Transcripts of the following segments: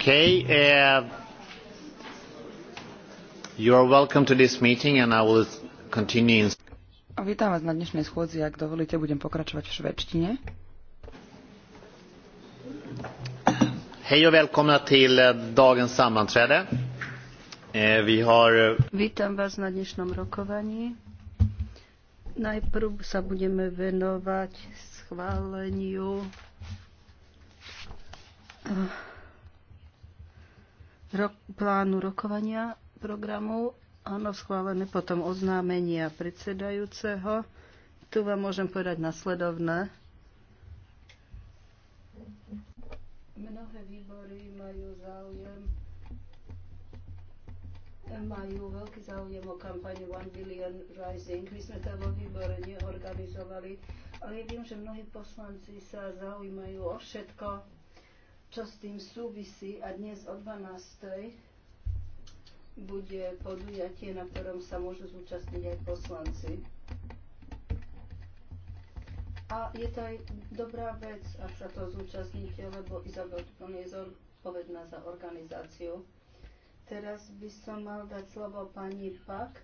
Okay. Uh, you are welcome to this meeting and I will continue in... Vítam vás na dnešnej schôdzi. Ak dovolíte, budem pokračovať v švedštine. Hej och välkomna till eh, dagens sammanträde. Uh, vi har... Eh, Vítam vás na dnešnom rokovaní. Najprv sa budeme venovať schváleniu uh ro- plánu rokovania programu. Áno, schválené potom oznámenia predsedajúceho. Tu vám môžem povedať nasledovné. Mnohé výbory majú záujem majú veľký záujem o kampani One Billion Rising. My sme to vo výbore neorganizovali, ale ja viem, že mnohí poslanci sa zaujímajú o všetko, čo s tým súvisí a dnes o 12. bude podujatie, na ktorom sa môžu zúčastniť aj poslanci. A je to aj dobrá vec, ak sa to zúčastníte, lebo Izabel Tupon je zodpovedná za organizáciu. Teraz by som mal dať slovo pani Pak,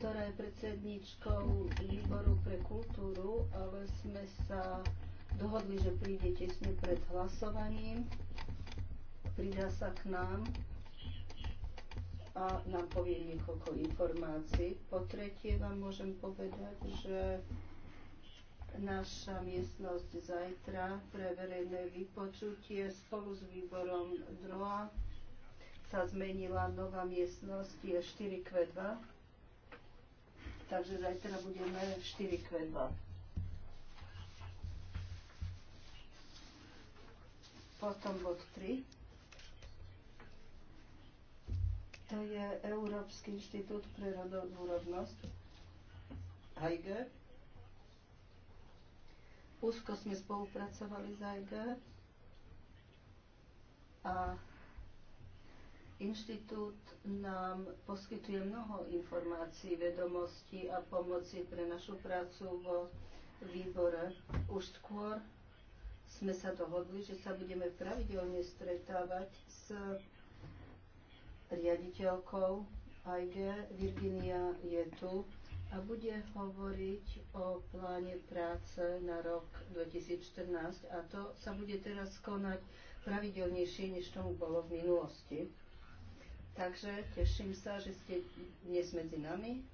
ktorá je predsedničkou výboru pre kultúru, ale sme sa dohodli, že príde tesne pred hlasovaním, pridá sa k nám a nám povie niekoľko informácií. Po tretie vám môžem povedať, že naša miestnosť zajtra pre verejné vypočutie spolu s výborom DROA sa zmenila nová miestnosť, je 4Q2. Takže zajtra budeme 4Q2. Potom bod 3. To je Európsky inštitút pre rodovú rovnosť. Heiger. Úzko sme spolupracovali s Heiger. A Inštitút nám poskytuje mnoho informácií, vedomostí a pomoci pre našu prácu vo výbore. Už skôr sme sa dohodli, že sa budeme pravidelne stretávať s riaditeľkou Ajge. Virginia je tu a bude hovoriť o pláne práce na rok 2014 a to sa bude teraz konať pravidelnejšie, než tomu bolo v minulosti. Takže teším sa, že ste dnes medzi nami.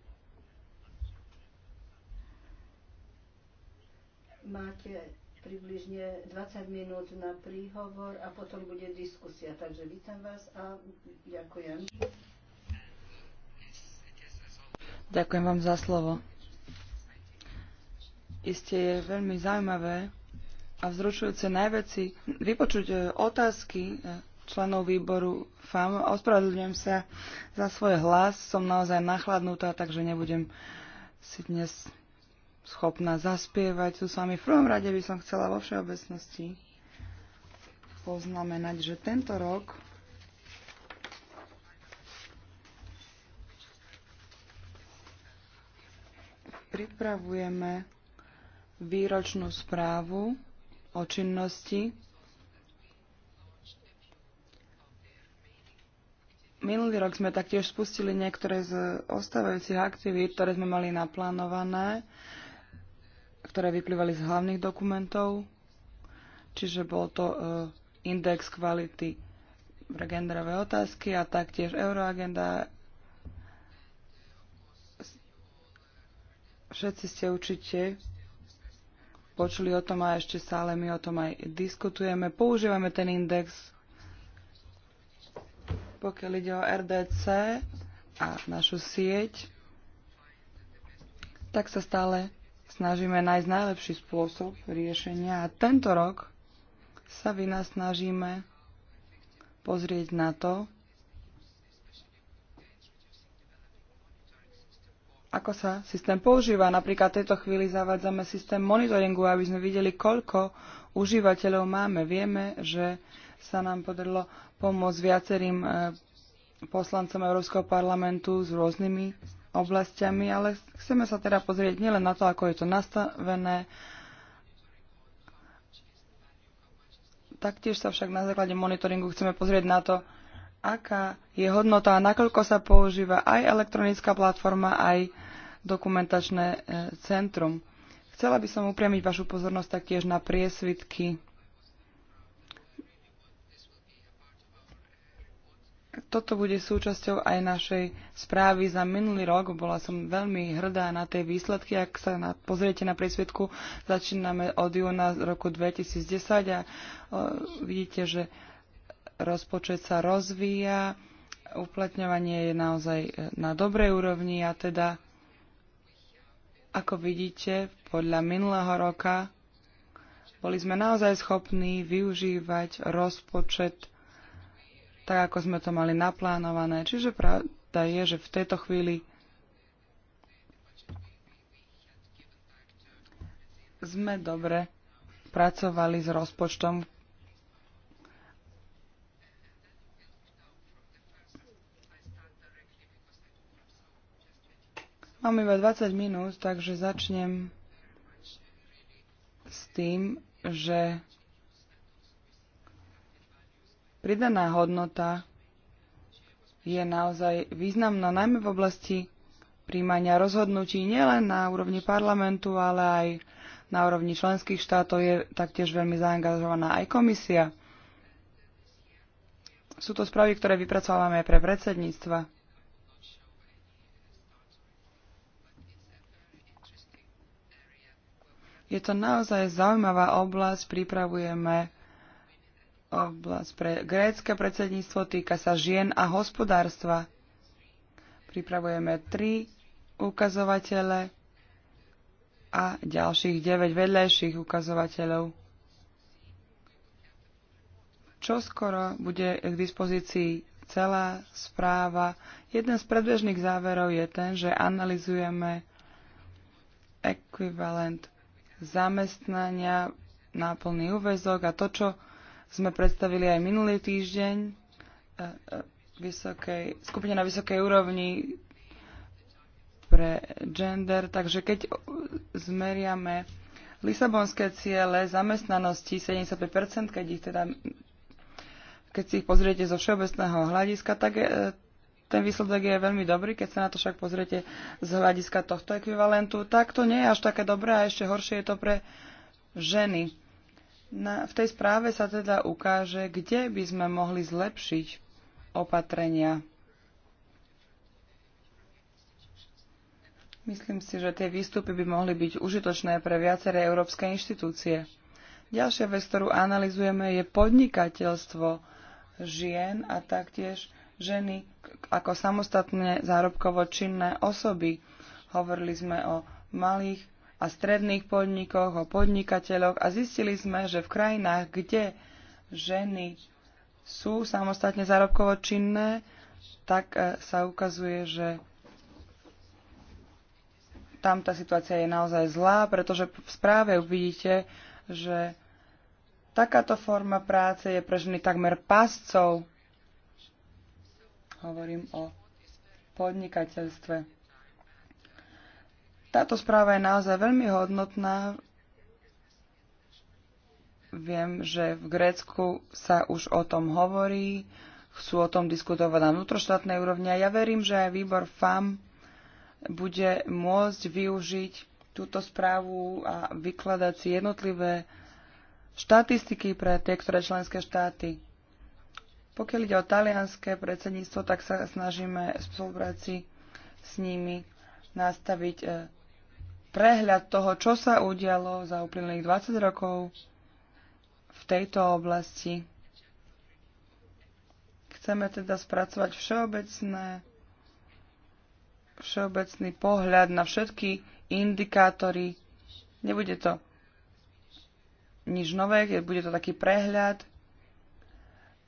Máte približne 20 minút na príhovor a potom bude diskusia. Takže vítam vás a ďakujem. Ďakujem vám za slovo. Isté je veľmi zaujímavé a vzrušujúce najväci vypočuť e, otázky e, členov výboru FAM. Ospravedlňujem sa za svoj hlas, som naozaj nachladnutá, takže nebudem si dnes schopná zaspievať tu s vami. V prvom rade by som chcela vo všeobecnosti poznamenať, že tento rok pripravujeme výročnú správu o činnosti. Minulý rok sme taktiež spustili niektoré z ostávajúcich aktivít, ktoré sme mali naplánované ktoré vyplývali z hlavných dokumentov, čiže bol to e, index kvality pre genderové otázky a taktiež euroagenda. Všetci ste určite počuli o tom a ešte stále my o tom aj diskutujeme. Používame ten index, pokiaľ ide o RDC a našu sieť, tak sa stále snažíme nájsť najlepší spôsob riešenia a tento rok sa vy nás snažíme pozrieť na to, ako sa systém používa. Napríklad v tejto chvíli zavádzame systém monitoringu, aby sme videli, koľko užívateľov máme. Vieme, že sa nám podarilo pomôcť viacerým eh, poslancom Európskeho parlamentu s rôznymi oblastiami, ale chceme sa teda pozrieť nielen na to, ako je to nastavené, taktiež sa však na základe monitoringu chceme pozrieť na to, aká je hodnota a nakoľko sa používa aj elektronická platforma, aj dokumentačné e, centrum. Chcela by som upriamiť vašu pozornosť taktiež na priesvitky toto bude súčasťou aj našej správy za minulý rok. Bola som veľmi hrdá na tie výsledky. Ak sa na, pozriete na prísvedku, začíname od júna roku 2010 a o, vidíte, že rozpočet sa rozvíja, uplatňovanie je naozaj e, na dobrej úrovni a teda, ako vidíte, podľa minulého roka boli sme naozaj schopní využívať rozpočet tak ako sme to mali naplánované. Čiže pravda je, že v tejto chvíli sme dobre pracovali s rozpočtom, Mám iba 20 minút, takže začnem s tým, že pridaná hodnota je naozaj významná, najmä v oblasti príjmania rozhodnutí nielen na úrovni parlamentu, ale aj na úrovni členských štátov je taktiež veľmi zaangažovaná aj komisia. Sú to správy, ktoré vypracovávame aj pre predsedníctva. Je to naozaj zaujímavá oblasť, pripravujeme oblasť pre grécke predsedníctvo, týka sa žien a hospodárstva. Pripravujeme tri ukazovatele a ďalších 9 vedľajších ukazovateľov. Čo skoro bude k dispozícii celá správa. Jeden z predbežných záverov je ten, že analizujeme ekvivalent zamestnania na plný úvezok a to, čo sme predstavili aj minulý týždeň e, e, vysokej, skupine na vysokej úrovni pre gender. Takže keď zmeriame lisabonské ciele zamestnanosti 75%, keď ich teda keď si ich pozriete zo všeobecného hľadiska, tak je, ten výsledok je veľmi dobrý. Keď sa na to však pozriete z hľadiska tohto ekvivalentu, tak to nie je až také dobré a ešte horšie je to pre ženy. Na, v tej správe sa teda ukáže, kde by sme mohli zlepšiť opatrenia. Myslím si, že tie výstupy by mohli byť užitočné pre viaceré európske inštitúcie. Ďalšia vec, ktorú analizujeme, je podnikateľstvo žien a taktiež ženy ako samostatne zárobkovo činné osoby. Hovorili sme o malých a stredných podnikoch, o podnikateľoch a zistili sme, že v krajinách, kde ženy sú samostatne zárobkovo činné, tak e, sa ukazuje, že tam tá situácia je naozaj zlá, pretože v správe uvidíte, že takáto forma práce je pre ženy takmer pascov. Hovorím o podnikateľstve. Táto správa je naozaj veľmi hodnotná. Viem, že v Grécku sa už o tom hovorí, chcú o tom diskutovať na vnútroštátnej úrovni a ja verím, že aj výbor FAM bude môcť využiť túto správu a vykladať si jednotlivé štatistiky pre tie, ktoré členské štáty. Pokiaľ ide o talianské predsedníctvo, tak sa snažíme v spolupráci s nimi nastaviť e, prehľad toho, čo sa udialo za uplynulých 20 rokov v tejto oblasti. Chceme teda spracovať všeobecné, všeobecný pohľad na všetky indikátory. Nebude to nič nové, bude to taký prehľad.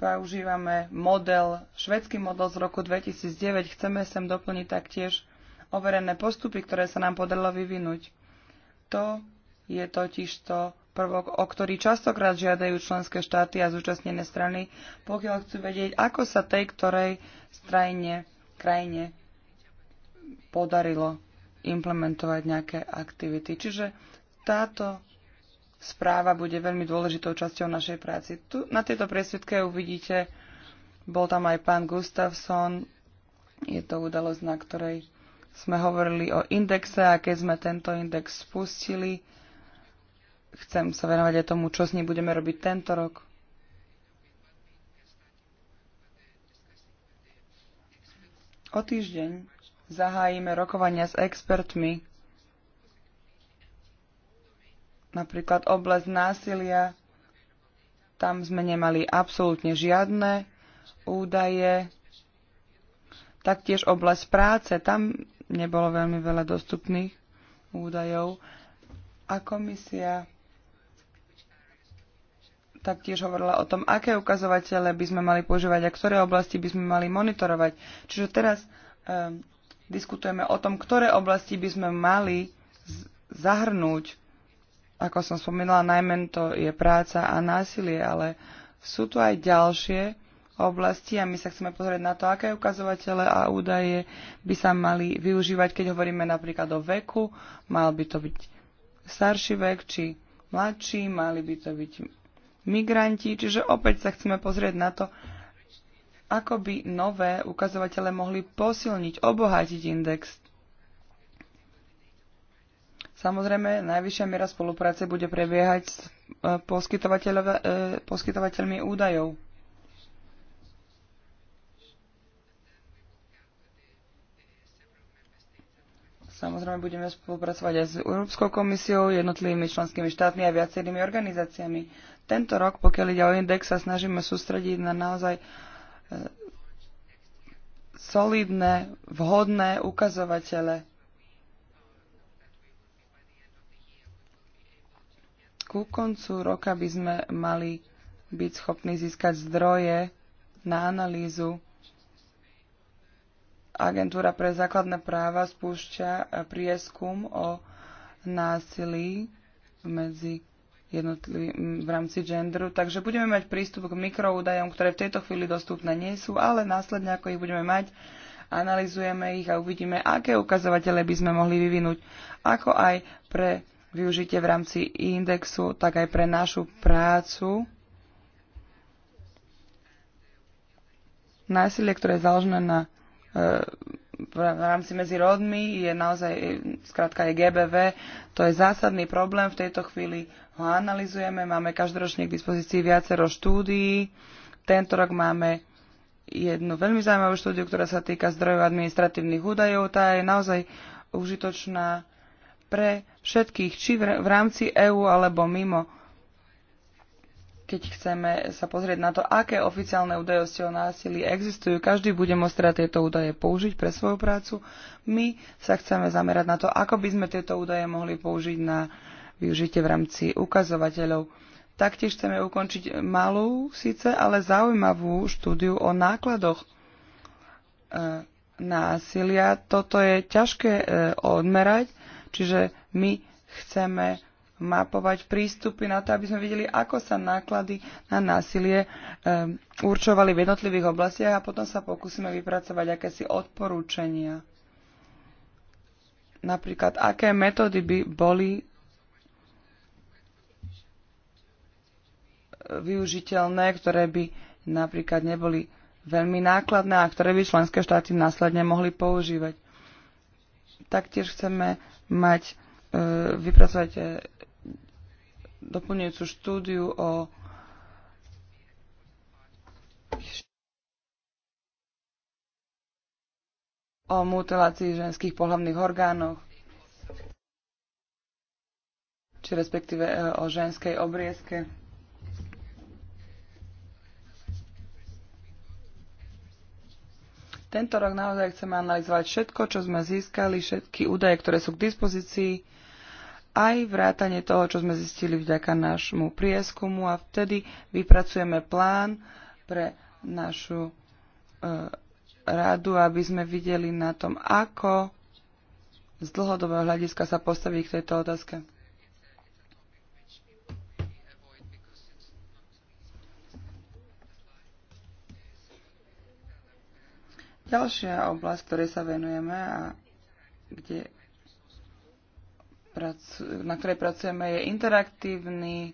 Používame model, švedský model z roku 2009. Chceme sem doplniť taktiež overené postupy, ktoré sa nám podarilo vyvinúť. To je totiž to prvok, o ktorý častokrát žiadajú členské štáty a zúčastnené strany, pokiaľ chcú vedieť, ako sa tej ktorej strajne, krajine podarilo implementovať nejaké aktivity. Čiže táto správa bude veľmi dôležitou časťou našej práci. Tu, na tejto presvedke uvidíte, bol tam aj pán Gustafsson, je to udalosť, na ktorej sme hovorili o indexe a keď sme tento index spustili, chcem sa venovať aj tomu, čo s ním budeme robiť tento rok. O týždeň zahájime rokovania s expertmi, napríklad oblasť násilia, tam sme nemali absolútne žiadne údaje, taktiež oblasť práce, tam nebolo veľmi veľa dostupných údajov a komisia taktiež hovorila o tom, aké ukazovatele by sme mali používať a ktoré oblasti by sme mali monitorovať. Čiže teraz um, diskutujeme o tom, ktoré oblasti by sme mali zahrnúť. Ako som spomínala, najmä to je práca a násilie, ale sú tu aj ďalšie oblasti a my sa chceme pozrieť na to, aké ukazovatele a údaje by sa mali využívať, keď hovoríme napríklad o veku. Mal by to byť starší vek či mladší, mali by to byť migranti, čiže opäť sa chceme pozrieť na to, ako by nové ukazovatele mohli posilniť, obohatiť index. Samozrejme, najvyššia miera spolupráce bude prebiehať s e, e, poskytovateľmi údajov. Samozrejme budeme spolupracovať aj s Európskou komisiou, jednotlivými členskými štátmi a viacerými organizáciami. Tento rok, pokiaľ ide o index, sa snažíme sústrediť na naozaj e, solidné, vhodné ukazovatele. Ku koncu roka by sme mali byť schopní získať zdroje na analýzu Agentúra pre základné práva spúšťa prieskum o násilí medzi v rámci genderu, takže budeme mať prístup k mikroúdajom, ktoré v tejto chvíli dostupné nie sú, ale následne ako ich budeme mať, analizujeme ich a uvidíme, aké ukazovatele by sme mohli vyvinúť, ako aj pre využitie v rámci indexu, tak aj pre našu prácu. Násilie, ktoré je založené na v rámci medzi rodmi je naozaj, skrátka je GBV, to je zásadný problém, v tejto chvíli ho analizujeme, máme každoročne k dispozícii viacero štúdií, tento rok máme jednu veľmi zaujímavú štúdiu, ktorá sa týka zdrojov administratívnych údajov, tá je naozaj užitočná pre všetkých, či v rámci EÚ alebo mimo keď chceme sa pozrieť na to, aké oficiálne údaje o násilí existujú. Každý bude môcť teda tieto údaje použiť pre svoju prácu. My sa chceme zamerať na to, ako by sme tieto údaje mohli použiť na využitie v rámci ukazovateľov. Taktiež chceme ukončiť malú, síce, ale zaujímavú štúdiu o nákladoch e, násilia. Toto je ťažké e, odmerať, čiže my chceme mapovať prístupy na to, aby sme videli, ako sa náklady na násilie ehm, určovali v jednotlivých oblastiach a potom sa pokúsime vypracovať akési odporúčania. Napríklad, aké metódy by boli využiteľné, ktoré by napríklad neboli veľmi nákladné a ktoré by členské štáty následne mohli používať. Taktiež chceme mať, e, vypracovať e, doplňujúcu štúdiu o o mutilácii ženských pohľavných orgánov, či respektíve e, o ženskej obriezke. Tento rok naozaj chceme analyzovať všetko, čo sme získali, všetky údaje, ktoré sú k dispozícii aj vrátanie toho, čo sme zistili vďaka nášmu prieskumu a vtedy vypracujeme plán pre našu e, radu, aby sme videli na tom, ako z dlhodobého hľadiska sa postaví k tejto otázke. Ďalšia oblasť, ktorej sa venujeme a kde na ktorej pracujeme, je interaktívny e,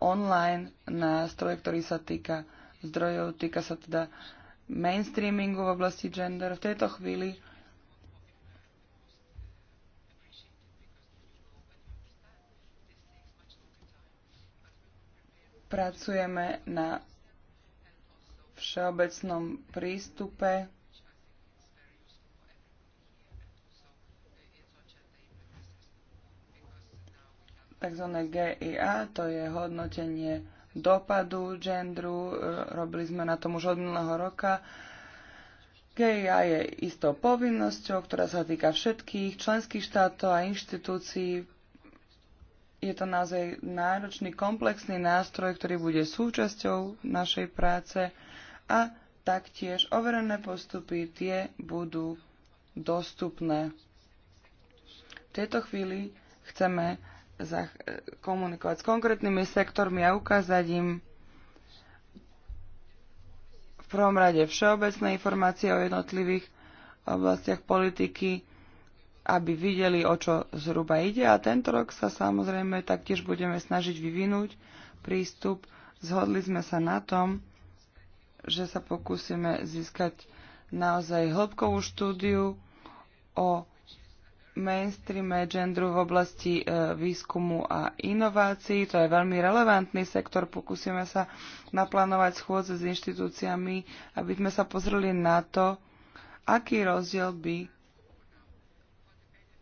online nástroj, ktorý sa týka zdrojov, týka sa teda mainstreamingu v oblasti gender. V tejto chvíli pracujeme na všeobecnom prístupe tzv. GIA, to je hodnotenie dopadu gendru, robili sme na tom už od minulého roka. GIA je istou povinnosťou, ktorá sa týka všetkých členských štátov a inštitúcií. Je to naozaj náročný, komplexný nástroj, ktorý bude súčasťou našej práce a taktiež overené postupy tie budú dostupné. V tejto chvíli chceme Eh, komunikovať s konkrétnymi sektormi a ukázať im v prvom rade všeobecné informácie o jednotlivých oblastiach politiky, aby videli, o čo zhruba ide. A tento rok sa samozrejme taktiež budeme snažiť vyvinúť prístup. Zhodli sme sa na tom, že sa pokúsime získať naozaj hĺbkovú štúdiu o mainstreame genderu v oblasti e, výskumu a inovácií. To je veľmi relevantný sektor. Pokúsime sa naplánovať schôdze s inštitúciami, aby sme sa pozreli na to, aký rozdiel by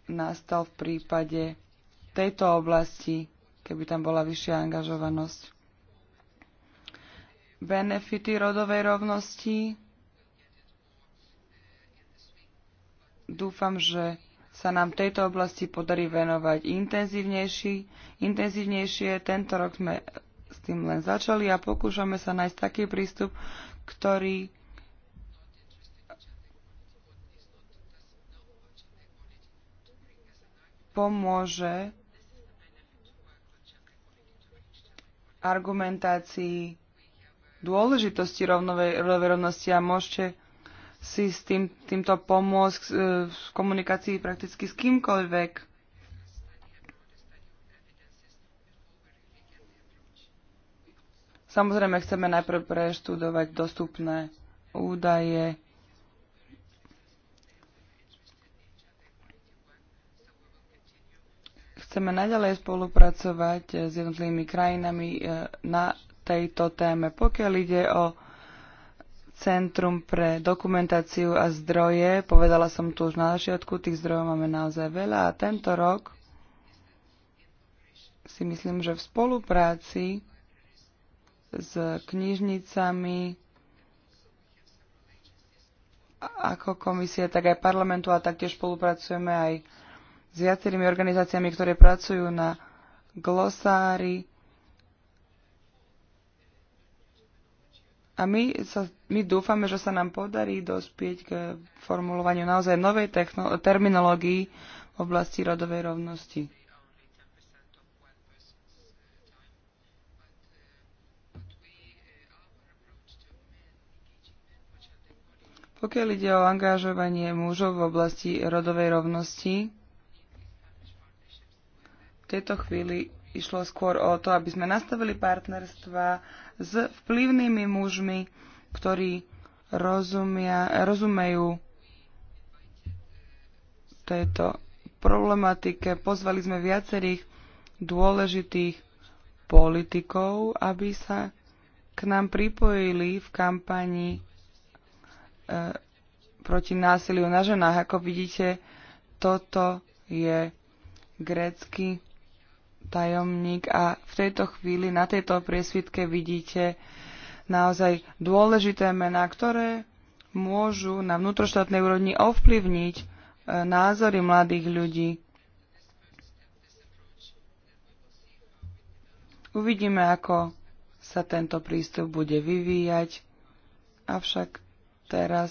nastal v prípade tejto oblasti, keby tam bola vyššia angažovanosť. Benefity rodovej rovnosti. Dúfam, že sa nám v tejto oblasti podarí venovať intenzívnejšie. Tento rok sme s tým len začali a pokúšame sa nájsť taký prístup, ktorý pomôže argumentácii dôležitosti rovnovej rovnosti a môžete si s tým, týmto pomôcť e, v komunikácii prakticky s kýmkoľvek. Samozrejme, chceme najprv preštudovať dostupné údaje. Chceme naďalej spolupracovať s jednotlivými krajinami e, na tejto téme. Pokiaľ ide o Centrum pre dokumentáciu a zdroje. Povedala som tu už na začiatku, tých zdrojov máme naozaj veľa a tento rok si myslím, že v spolupráci s knižnicami ako komisie, tak aj parlamentu a taktiež spolupracujeme aj s viacerými organizáciami, ktoré pracujú na glosári A my, sa, my dúfame, že sa nám podarí dospieť k formulovaniu naozaj novej terminológii v oblasti rodovej rovnosti. Pokiaľ ide o angažovanie mužov v oblasti rodovej rovnosti, v tejto chvíli išlo skôr o to, aby sme nastavili partnerstva, s vplyvnými mužmi, ktorí rozumia, rozumejú tejto problematike. Pozvali sme viacerých dôležitých politikov, aby sa k nám pripojili v kampani e, proti násiliu na ženách. Ako vidíte, toto je grécky tajomník a v tejto chvíli na tejto priesvitke vidíte naozaj dôležité mená, ktoré môžu na vnútroštátnej úrovni ovplyvniť e, názory mladých ľudí. Uvidíme, ako sa tento prístup bude vyvíjať, avšak teraz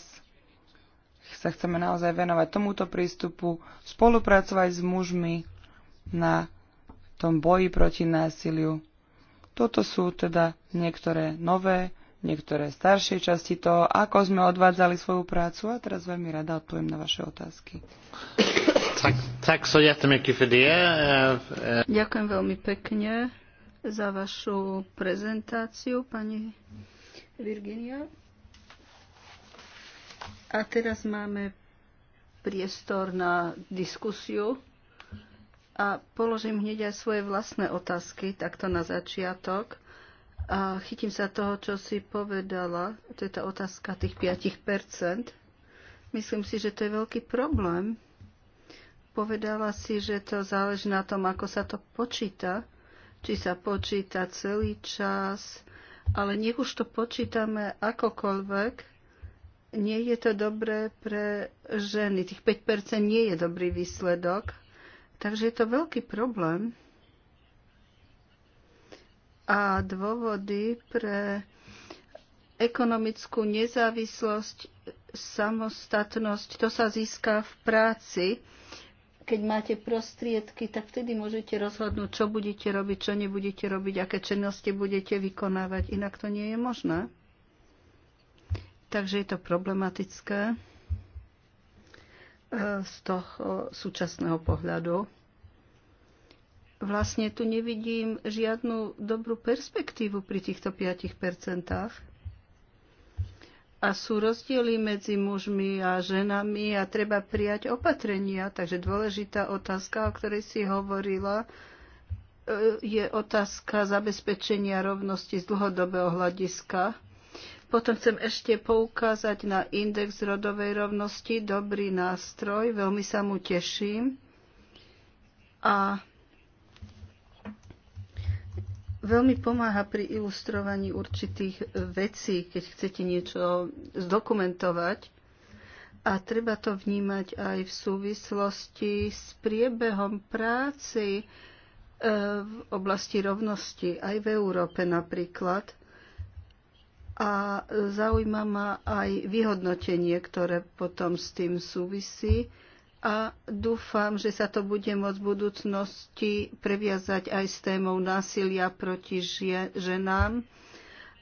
sa chceme naozaj venovať tomuto prístupu, spolupracovať s mužmi na tom boji proti násiliu. Toto sú teda niektoré nové, niektoré staršie časti toho, ako sme odvádzali svoju prácu a teraz veľmi rada odpoviem na vaše otázky. Eh, eh. Ďakujem veľmi pekne za vašu prezentáciu, pani Virginia. A teraz máme priestor na diskusiu a položím hneď aj svoje vlastné otázky, takto na začiatok. A chytím sa toho, čo si povedala, to je tá otázka tých 5%. Myslím si, že to je veľký problém. Povedala si, že to záleží na tom, ako sa to počíta, či sa počíta celý čas, ale nech už to počítame akokoľvek, nie je to dobré pre ženy. Tých 5% nie je dobrý výsledok Takže je to veľký problém. A dôvody pre ekonomickú nezávislosť, samostatnosť, to sa získa v práci. Keď máte prostriedky, tak vtedy môžete rozhodnúť, čo budete robiť, čo nebudete robiť, aké činnosti budete vykonávať. Inak to nie je možné. Takže je to problematické. E, z toho e, súčasného pohľadu. Vlastne tu nevidím žiadnu dobrú perspektívu pri týchto 5 percentách. A sú rozdiely medzi mužmi a ženami a treba prijať opatrenia. Takže dôležitá otázka, o ktorej si hovorila, e, je otázka zabezpečenia rovnosti z dlhodobého hľadiska potom chcem ešte poukázať na index rodovej rovnosti, dobrý nástroj, veľmi sa mu teším. A veľmi pomáha pri ilustrovaní určitých vecí, keď chcete niečo zdokumentovať. A treba to vnímať aj v súvislosti s priebehom práci e, v oblasti rovnosti, aj v Európe napríklad a zaujíma ma aj vyhodnotenie, ktoré potom s tým súvisí a dúfam, že sa to bude môcť v budúcnosti previazať aj s témou násilia proti ženám,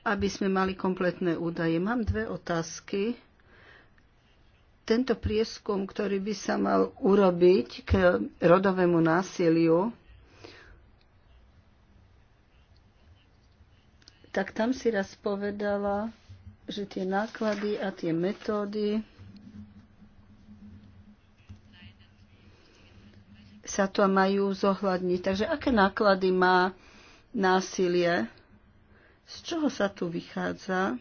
aby sme mali kompletné údaje. Mám dve otázky. Tento prieskum, ktorý by sa mal urobiť k rodovému násiliu, tak tam si raz povedala, že tie náklady a tie metódy sa to majú zohľadniť. Takže aké náklady má násilie? Z čoho sa tu vychádza?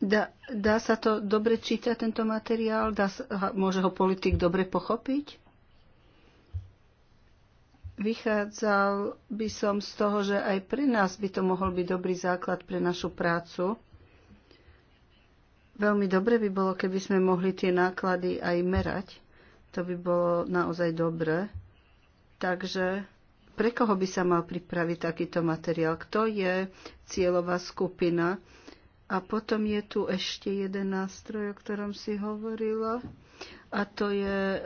Dá, dá sa to dobre čítať, tento materiál? Dá sa, môže ho politik dobre pochopiť? Vychádzal by som z toho, že aj pre nás by to mohol byť dobrý základ pre našu prácu. Veľmi dobre by bolo, keby sme mohli tie náklady aj merať. To by bolo naozaj dobré. Takže pre koho by sa mal pripraviť takýto materiál? Kto je cieľová skupina? A potom je tu ešte jeden nástroj, o ktorom si hovorila a to je e,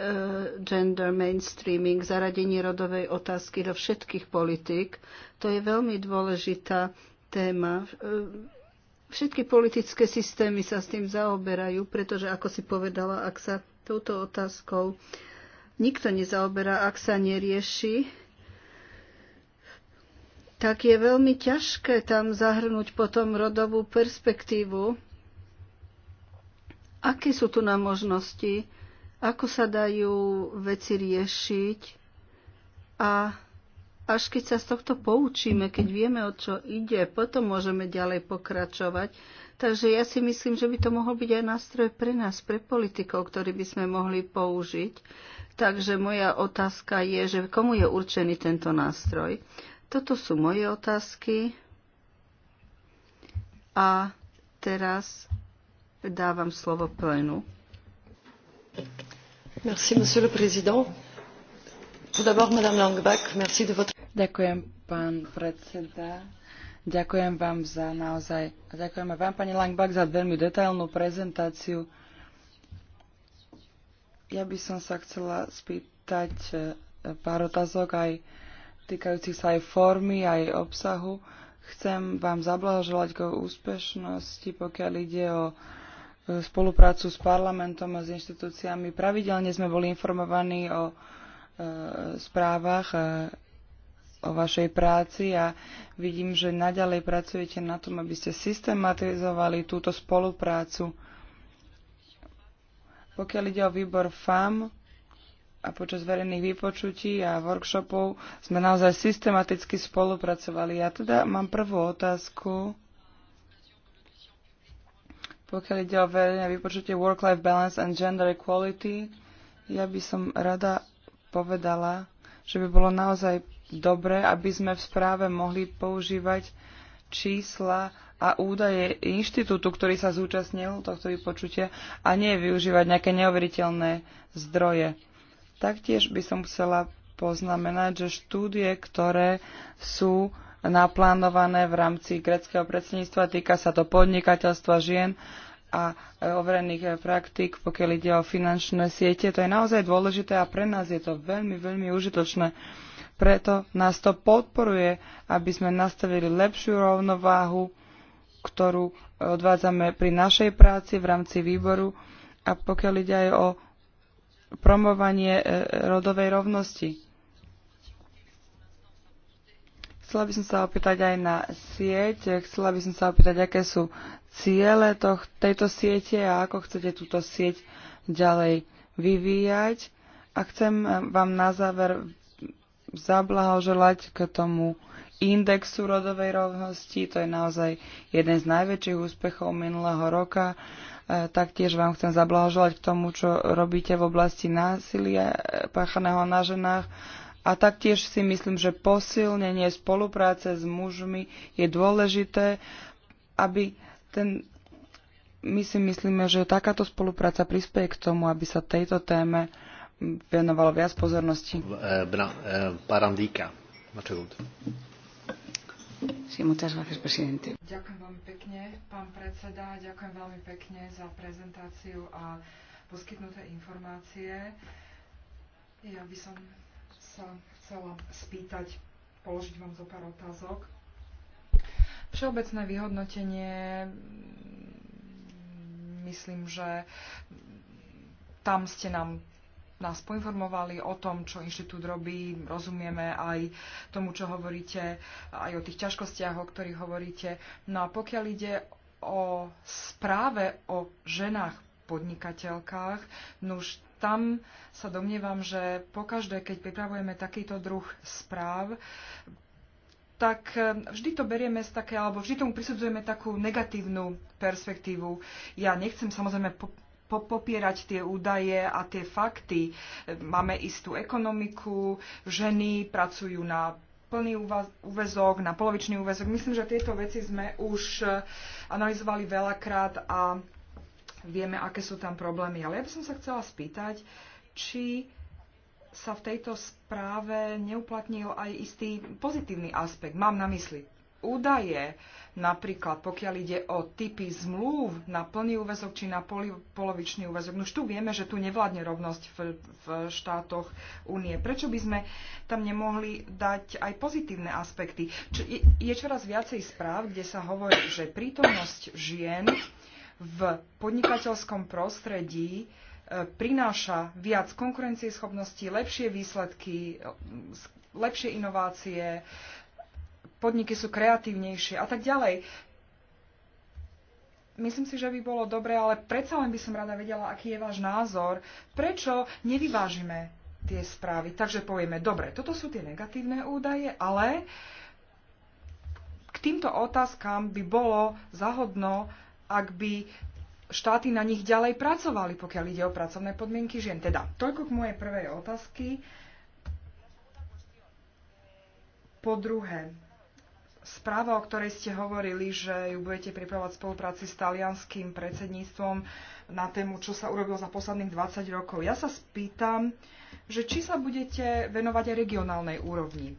gender mainstreaming, zaradenie rodovej otázky do všetkých politík. To je veľmi dôležitá téma. E, všetky politické systémy sa s tým zaoberajú, pretože, ako si povedala, ak sa touto otázkou nikto nezaoberá, ak sa nerieši, tak je veľmi ťažké tam zahrnúť potom rodovú perspektívu Aké sú tu na možnosti? Ako sa dajú veci riešiť? A až keď sa z tohto poučíme, keď vieme, o čo ide, potom môžeme ďalej pokračovať. Takže ja si myslím, že by to mohol byť aj nástroj pre nás, pre politikov, ktorý by sme mohli použiť. Takže moja otázka je, že komu je určený tento nástroj? Toto sú moje otázky. A teraz Dávam slovo plénu. Merci, monsieur le président. Tout d'abord, madame Langbach, merci de votre... Ďakujem, pán predseda. Ďakujem vám za naozaj, a ďakujem aj vám, pani Langbach, za veľmi detailnú prezentáciu. Ja by som sa chcela spýtať e, pár otázok aj týkajúcich sa aj formy, aj obsahu. Chcem vám zablahoželať k úspešnosti, pokiaľ ide o spoluprácu s parlamentom a s inštitúciami. Pravidelne sme boli informovaní o e, správach e, o vašej práci a vidím, že naďalej pracujete na tom, aby ste systematizovali túto spoluprácu. Pokiaľ ide o výbor FAM a počas verejných vypočutí a workshopov sme naozaj systematicky spolupracovali. Ja teda mám prvú otázku pokiaľ ide o verejné vypočutie Work-Life Balance and Gender Equality, ja by som rada povedala, že by bolo naozaj dobre, aby sme v správe mohli používať čísla a údaje inštitútu, ktorý sa zúčastnil tohto vypočutia a nie využívať nejaké neoveriteľné zdroje. Taktiež by som chcela poznamenať, že štúdie, ktoré sú naplánované v rámci greckého predsedníctva. Týka sa to podnikateľstva žien a e, overených e, praktík, pokiaľ ide o finančné siete. To je naozaj dôležité a pre nás je to veľmi, veľmi užitočné. Preto nás to podporuje, aby sme nastavili lepšiu rovnováhu, ktorú e, odvádzame pri našej práci v rámci výboru a pokiaľ ide aj o promovanie rodovej rovnosti. Chcela by som sa opýtať aj na sieť. Chcela by som sa opýtať, aké sú ciele tejto siete a ako chcete túto sieť ďalej vyvíjať. A chcem eh, vám na záver zablahoželať k tomu indexu rodovej rovnosti. To je naozaj jeden z najväčších úspechov minulého roka. Eh, taktiež vám chcem zablahoželať k tomu, čo robíte v oblasti násilia eh, páchaného na ženách a taktiež si myslím, že posilnenie spolupráce s mužmi je dôležité, aby ten, my si myslíme, že takáto spolupráca prispieje k tomu, aby sa tejto téme venovalo viac pozornosti. Eh, eh, Parandíka. Ďakujem veľmi pekne, pán predseda, ďakujem veľmi pekne za prezentáciu a poskytnuté informácie. Ja by som sa chcela spýtať, položiť vám zo pár otázok. Všeobecné vyhodnotenie, mm, myslím, že tam ste nám nás poinformovali o tom, čo inštitút robí, rozumieme aj tomu, čo hovoríte, aj o tých ťažkostiach, o ktorých hovoríte. No a pokiaľ ide o správe o ženách podnikateľkách. Nuž tam sa domnievam, že pokaždé, keď pripravujeme takýto druh správ, tak e, vždy to berieme z také, alebo vždy tomu prisudzujeme takú negatívnu perspektívu. Ja nechcem samozrejme po, popierať tie údaje a tie fakty. E, máme istú ekonomiku, ženy pracujú na plný úvezok, na polovičný úvezok. Myslím, že tieto veci sme už e, analyzovali veľakrát a vieme, aké sú tam problémy. Ale ja by som sa chcela spýtať, či sa v tejto správe neuplatnil aj istý pozitívny aspekt. Mám na mysli údaje, napríklad pokiaľ ide o typy zmluv na plný úvezok či na poli, polovičný úvezok. No už tu vieme, že tu nevládne rovnosť v, v štátoch únie. Prečo by sme tam nemohli dať aj pozitívne aspekty? Č- je, je čoraz viacej správ, kde sa hovorí, že prítomnosť žien v podnikateľskom prostredí e, prináša viac konkurencieschopnosti, lepšie výsledky, e, lepšie inovácie, podniky sú kreatívnejšie a tak ďalej. Myslím si, že by bolo dobre, ale predsa len by som rada vedela, aký je váš názor, prečo nevyvážime tie správy. Takže povieme, dobre, toto sú tie negatívne údaje, ale k týmto otázkam by bolo zahodno ak by štáty na nich ďalej pracovali, pokiaľ ide o pracovné podmienky žien. Teda, toľko k mojej prvej otázky. Po druhé, správa, o ktorej ste hovorili, že ju budete pripravovať v spolupráci s talianským predsedníctvom na tému, čo sa urobilo za posledných 20 rokov. Ja sa spýtam, že či sa budete venovať aj regionálnej úrovni.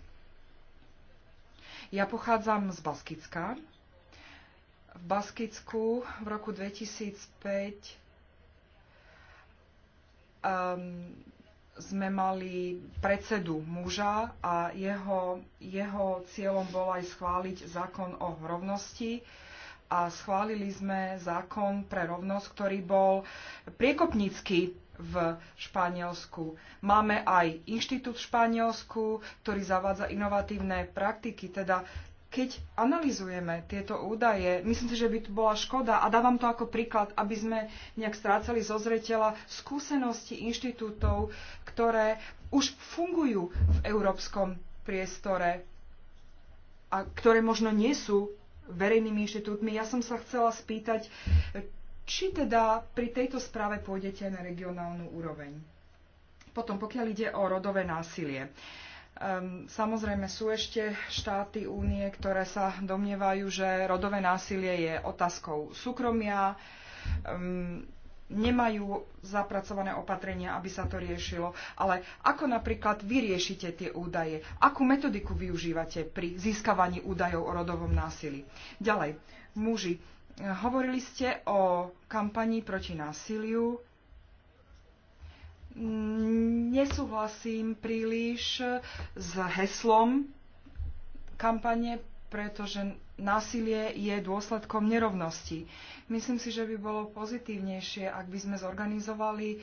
Ja pochádzam z Baskicka, v Baskicku v roku 2005 um, ehm, sme mali predsedu muža a jeho, jeho cieľom bol aj schváliť zákon o rovnosti a schválili sme zákon pre rovnosť, ktorý bol priekopnícky v Španielsku. Máme aj inštitút v Španielsku, ktorý zavádza inovatívne praktiky, teda keď analizujeme tieto údaje, myslím si, že by tu bola škoda a dávam to ako príklad, aby sme nejak strácali zo zreteľa skúsenosti inštitútov, ktoré už fungujú v európskom priestore a ktoré možno nie sú verejnými inštitútmi. Ja som sa chcela spýtať, či teda pri tejto správe pôjdete na regionálnu úroveň. Potom, pokiaľ ide o rodové násilie. Uh, Ehm, samozrejme sú ešte štáty únie, ktoré sa domnievajú, že rodové násilie je otázkou súkromia, ehm, nemajú zapracované opatrenia, aby sa to riešilo. Ale ako napríklad vyriešite tie údaje? Akú metodiku využívate pri získavaní údajov o rodovom násilí? Ďalej, muži, hovorili ste o kampanii proti násiliu, Nesúhlasím príliš s heslom kampane, pretože násilie je dôsledkom nerovnosti. Myslím si, že by bolo pozitívnejšie, ak by sme zorganizovali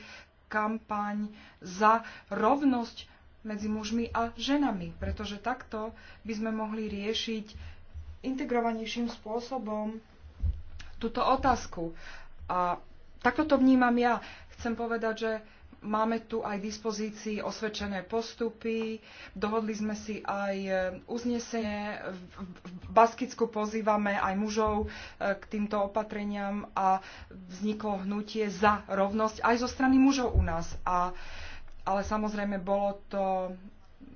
kampaň za rovnosť medzi mužmi a ženami, pretože takto by sme mohli riešiť integrovanejším spôsobom túto otázku. A takto to vnímam ja. Chcem povedať, že Máme tu aj k dispozícii osvedčené postupy, dohodli sme si aj e, uznesenie. V Baskicku pozývame aj mužov e, k týmto opatreniam a vzniklo hnutie za rovnosť aj zo strany mužov u nás. A, ale samozrejme bolo to,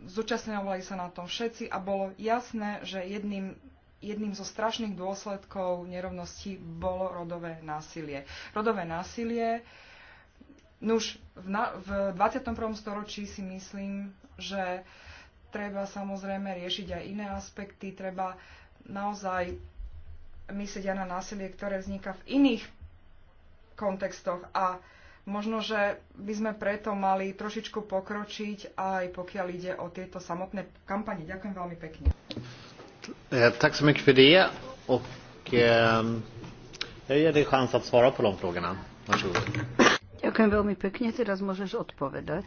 zúčastňovali sa na tom všetci a bolo jasné, že jedným jedným zo strašných dôsledkov nerovnosti bolo rodové násilie. Rodové násilie No už v, na, v 21. storočí si myslím, že treba samozrejme riešiť aj iné aspekty, treba naozaj myslieť aj na násilie, ktoré vzniká v iných kontextoch a možno, že by sme preto mali trošičku pokročiť aj pokiaľ ide o tieto samotné kampane. Ďakujem veľmi pekne. Tack så mycket Och, eh, jag chans att svara på de frågorna. Varsågod. Ďakujem veľmi pekne. Teraz môžeš odpovedať.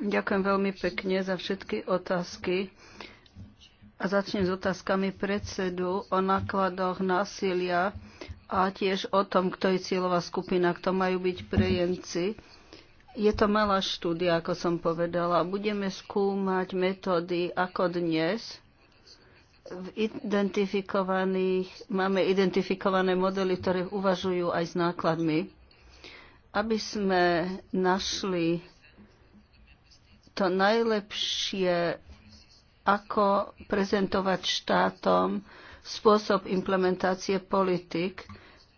Ďakujem veľmi pekne za všetky otázky. A začnem s otázkami predsedu o nákladoch násilia a tiež o tom, kto je cieľová skupina, kto majú byť prejemci. Je to malá štúdia, ako som povedala. Budeme skúmať metódy ako dnes identifikovaných, máme identifikované modely, ktoré uvažujú aj s nákladmi. Aby sme našli to najlepšie, ako prezentovať štátom spôsob implementácie politik,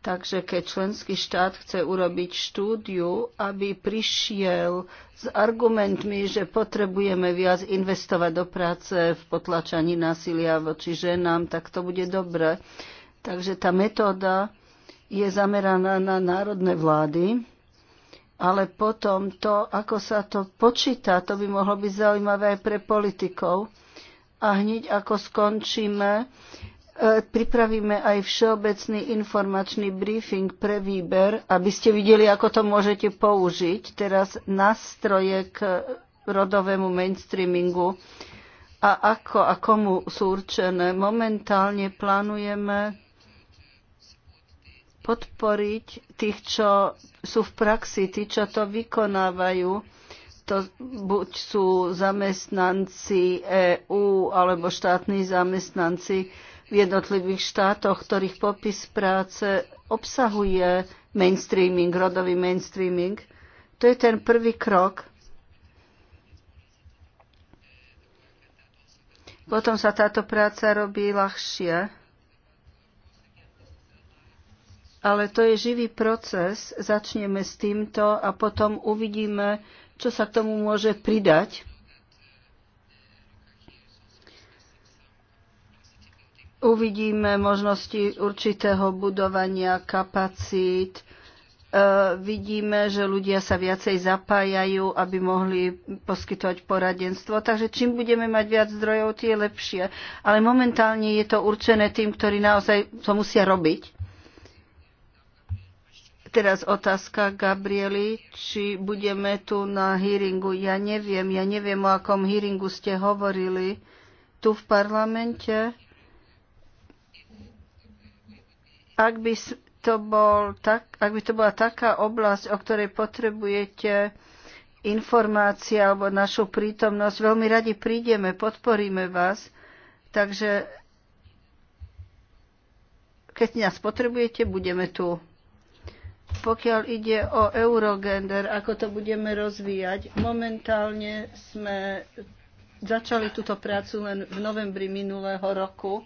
Takže keď členský štát chce urobiť štúdiu, aby prišiel s argumentmi, že potrebujeme viac investovať do práce v potlačaní násilia voči ženám, tak to bude dobre. Takže tá metóda je zameraná na národné vlády, ale potom to, ako sa to počíta, to by mohlo byť zaujímavé aj pre politikov. A hneď ako skončíme, E, pripravíme aj všeobecný informačný briefing pre výber, aby ste videli, ako to môžete použiť. Teraz nástroje k rodovému mainstreamingu a ako a komu sú určené. Momentálne plánujeme podporiť tých, čo sú v praxi, tí, čo to vykonávajú to buď sú zamestnanci EÚ alebo štátni zamestnanci v jednotlivých štátoch, ktorých popis práce obsahuje mainstreaming, rodový mainstreaming. To je ten prvý krok. Potom sa táto práca robí ľahšie. Ale to je živý proces. Začneme s týmto a potom uvidíme, čo sa k tomu môže pridať. Uvidíme možnosti určitého budovania kapacít. E, vidíme, že ľudia sa viacej zapájajú, aby mohli poskytovať poradenstvo. Takže čím budeme mať viac zdrojov, tie lepšie. Ale momentálne je to určené tým, ktorí naozaj to musia robiť. Teraz otázka Gabrieli, či budeme tu na hearingu. Ja neviem, ja neviem, o akom hearingu ste hovorili tu v parlamente Ak by to, bol tak, ak by to bola taká oblasť, o ktorej potrebujete informácie alebo našu prítomnosť, veľmi radi prídeme, podporíme vás. Takže keď nás potrebujete, budeme tu. Pokiaľ ide o Eurogender, ako to budeme rozvíjať, momentálne sme začali túto prácu len v novembri minulého roku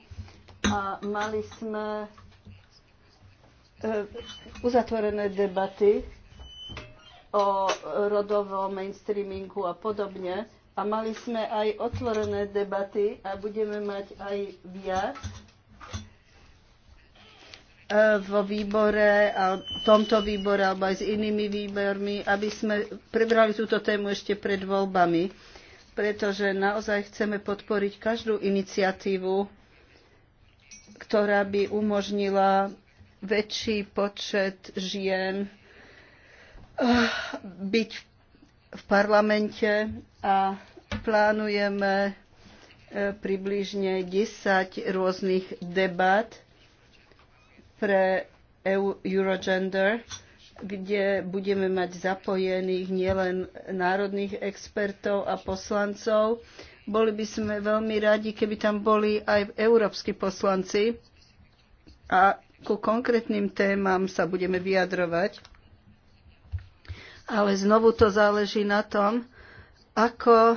a mali sme E, uzatvorené debaty o rodovom mainstreamingu a podobne. A mali sme aj otvorené debaty a budeme mať aj viac e, vo výbore, a tomto výbore alebo aj s inými výbormi, aby sme prebrali túto tému ešte pred voľbami, pretože naozaj chceme podporiť každú iniciatívu, ktorá by umožnila väčší počet žien eh, byť v parlamente a plánujeme eh, približne 10 rôznych debat pre e Eurogender, kde budeme mať zapojených nielen národných expertov a poslancov. Boli by sme veľmi radi, keby tam boli aj európsky poslanci a ku konkrétnym témam sa budeme vyjadrovať, ale znovu to záleží na tom, ako e,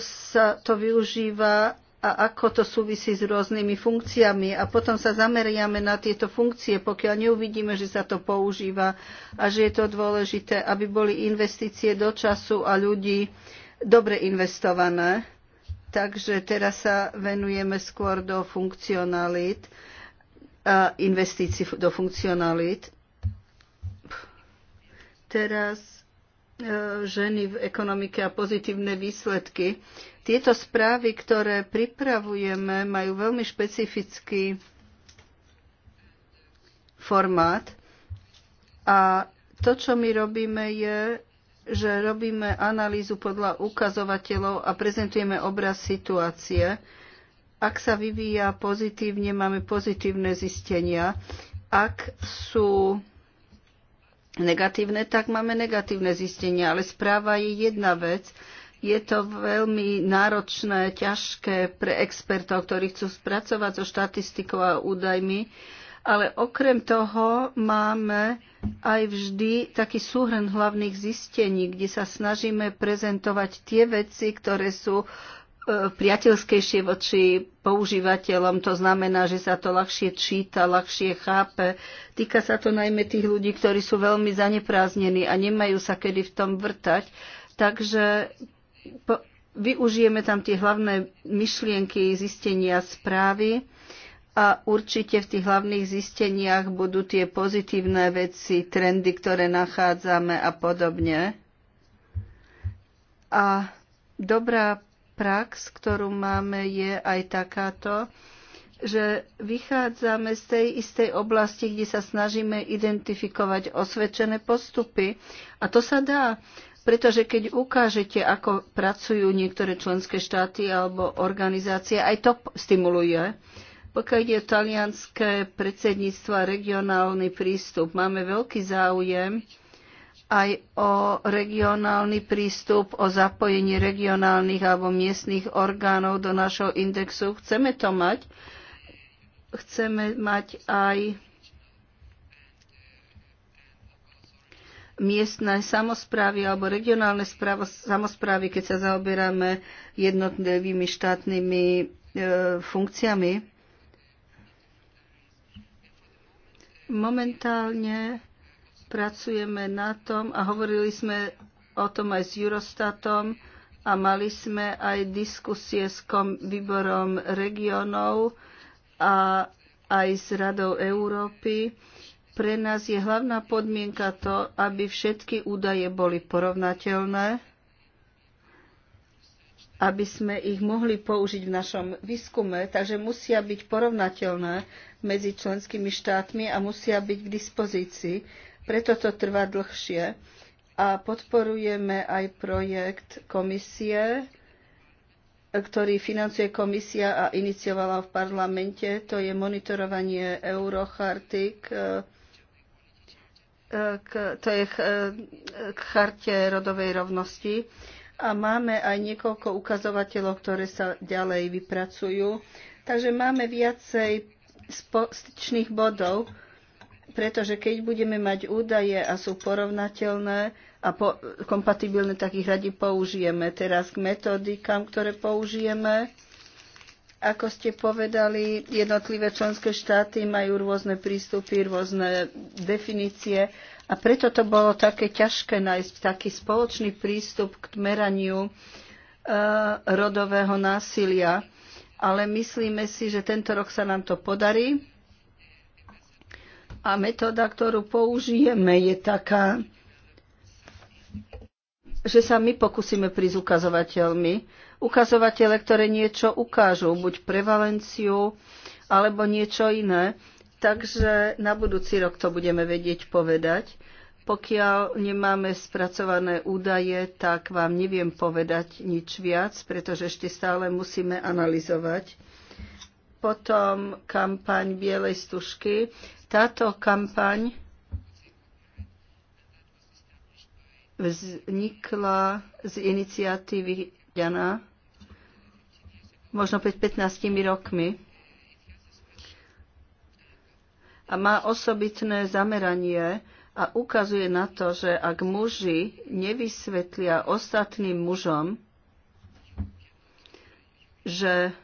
sa to využíva a ako to súvisí s rôznymi funkciami a potom sa zameriame na tieto funkcie, pokiaľ neuvidíme, že sa to používa a že je to dôležité, aby boli investície do času a ľudí dobre investované. Takže teraz sa venujeme skôr do funkcionalít investícií do funkcionalít. Teraz e, ženy v ekonomike a pozitívne výsledky. Tieto správy, ktoré pripravujeme, majú veľmi špecifický formát. A to, čo my robíme, je, že robíme analýzu podľa ukazovateľov a prezentujeme obraz situácie. Ak sa vyvíja pozitívne, máme pozitívne zistenia. Ak sú negatívne, tak máme negatívne zistenia. Ale správa je jedna vec. Je to veľmi náročné, ťažké pre expertov, ktorí chcú spracovať so štatistikou a údajmi. Ale okrem toho máme aj vždy taký súhrn hlavných zistení, kde sa snažíme prezentovať tie veci, ktoré sú priateľskejšie voči používateľom, to znamená, že sa to ľahšie číta, ľahšie chápe. Týka sa to najmä tých ľudí, ktorí sú veľmi zanepráznení a nemajú sa kedy v tom vrtať. Takže po, využijeme tam tie hlavné myšlienky, zistenia správy a určite v tých hlavných zisteniach budú tie pozitívne veci, trendy, ktoré nachádzame a podobne. A dobrá prax, ktorú máme, je aj takáto, že vychádzame z tej istej oblasti, kde sa snažíme identifikovať osvedčené postupy. A to sa dá, pretože keď ukážete, ako pracujú niektoré členské štáty alebo organizácie, aj to stimuluje. Pokiaľ je talianské predsedníctvo a regionálny prístup, máme veľký záujem aj o regionálny prístup, o zapojení regionálnych alebo miestnych orgánov do našho indexu. Chceme to mať. Chceme mať aj miestne samozprávy alebo regionálne správo, samozprávy, keď sa zaoberáme jednotlivými štátnymi e, funkciami. Momentálne Pracujeme na tom a hovorili sme o tom aj s Eurostatom a mali sme aj diskusie s výborom regionov a aj s Radou Európy. Pre nás je hlavná podmienka to, aby všetky údaje boli porovnateľné, aby sme ich mohli použiť v našom výskume, takže musia byť porovnateľné medzi členskými štátmi a musia byť k dispozícii. Preto to trvá dlhšie. A podporujeme aj projekt komisie, ktorý financuje komisia a iniciovala v parlamente. To je monitorovanie Eurocharty k, k, to je k, k charte rodovej rovnosti. A máme aj niekoľko ukazovateľov, ktoré sa ďalej vypracujú. Takže máme viacej styčných bodov pretože keď budeme mať údaje a sú porovnateľné a po, kompatibilné, tak ich radi použijeme. Teraz k metodikám, ktoré použijeme. Ako ste povedali, jednotlivé členské štáty majú rôzne prístupy, rôzne definície a preto to bolo také ťažké nájsť taký spoločný prístup k meraniu e, rodového násilia. Ale myslíme si, že tento rok sa nám to podarí a metóda, ktorú použijeme, je taká, že sa my pokúsime prísť ukazovateľmi. Ukazovatele, ktoré niečo ukážu, buď prevalenciu alebo niečo iné. Takže na budúci rok to budeme vedieť povedať. Pokiaľ nemáme spracované údaje, tak vám neviem povedať nič viac, pretože ešte stále musíme analyzovať. Potom kampaň Bielej stužky. Táto kampaň vznikla z iniciatívy Jana možno pred 15 rokmi a má osobitné zameranie a ukazuje na to, že ak muži nevysvetlia ostatným mužom, že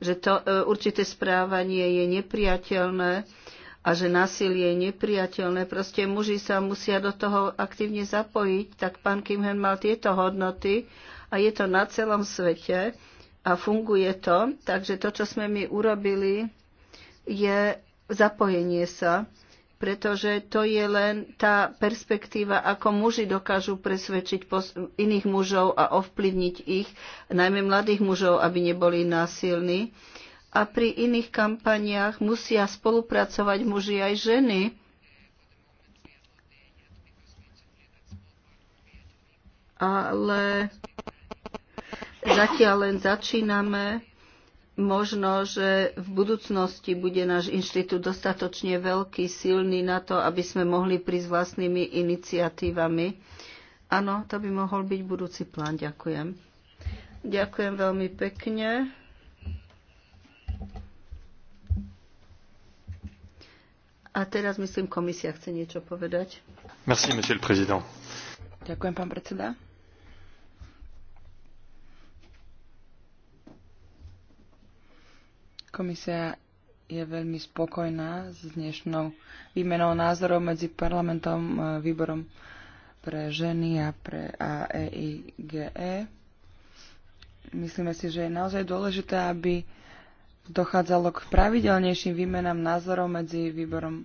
že to e, určité správanie je nepriateľné a že násilie je nepriateľné. Proste muži sa musia do toho aktívne zapojiť, tak pán Kim Hen mal tieto hodnoty a je to na celom svete a funguje to. Takže to, čo sme my urobili, je zapojenie sa pretože to je len tá perspektíva, ako muži dokážu presvedčiť iných mužov a ovplyvniť ich, najmä mladých mužov, aby neboli násilní. A pri iných kampaniách musia spolupracovať muži aj ženy. Ale zatiaľ len začíname možno, že v budúcnosti bude náš inštitút dostatočne veľký, silný na to, aby sme mohli prísť vlastnými iniciatívami. Áno, to by mohol byť budúci plán. Ďakujem. Ďakujem veľmi pekne. A teraz myslím, komisia chce niečo povedať. Merci, monsieur le président. Ďakujem, pán predseda. Komisia je veľmi spokojná s dnešnou výmenou názorov medzi parlamentom, e, výborom pre ženy a pre AEIGE. E. Myslíme si, že je naozaj dôležité, aby dochádzalo k pravidelnejším výmenám názorov medzi výborom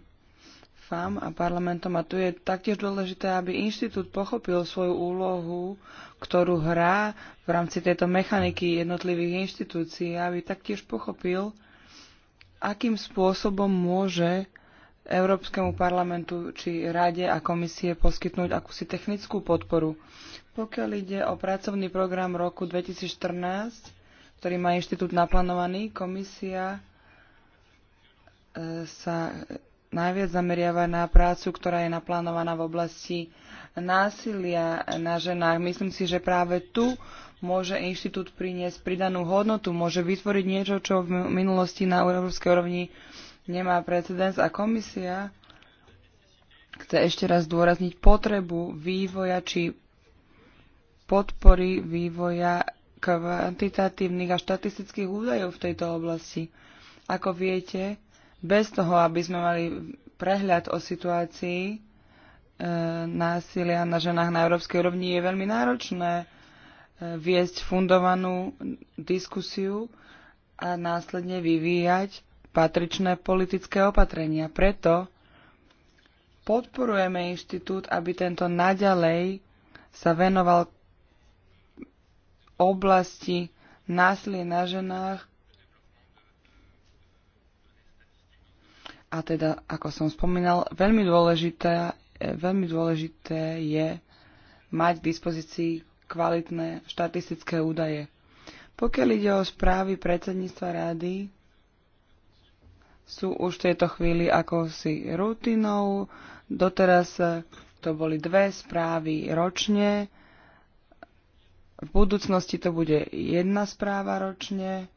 FAM a parlamentom a tu je taktiež dôležité, aby inštitút pochopil svoju úlohu, ktorú hrá v rámci tejto mechaniky jednotlivých inštitúcií, aby taktiež pochopil, akým spôsobom môže Európskemu parlamentu či Rade a komisie poskytnúť akúsi technickú podporu. Pokiaľ ide o pracovný program roku 2014, ktorý má inštitút naplánovaný, komisia e, sa najviac zameriava na prácu, ktorá je naplánovaná v oblasti násilia na ženách. Myslím si, že práve tu môže inštitút priniesť pridanú hodnotu, môže vytvoriť niečo, čo v minulosti na európskej úrovni nemá precedens a komisia chce ešte raz dôrazniť potrebu vývoja či podpory vývoja kvantitatívnych a štatistických údajov v tejto oblasti. Ako viete, bez toho, aby sme mali prehľad o situácii e, násilia na ženách na európskej úrovni, je veľmi náročné viesť fundovanú diskusiu a následne vyvíjať patričné politické opatrenia. Preto podporujeme inštitút, aby tento naďalej sa venoval oblasti násilie na ženách a teda, ako som spomínal, veľmi dôležité, veľmi dôležité je mať v dispozícii kvalitné štatistické údaje. Pokiaľ ide o správy predsedníctva rády, sú už v tejto chvíli ako si rutinou. Doteraz to boli dve správy ročne. V budúcnosti to bude jedna správa ročne.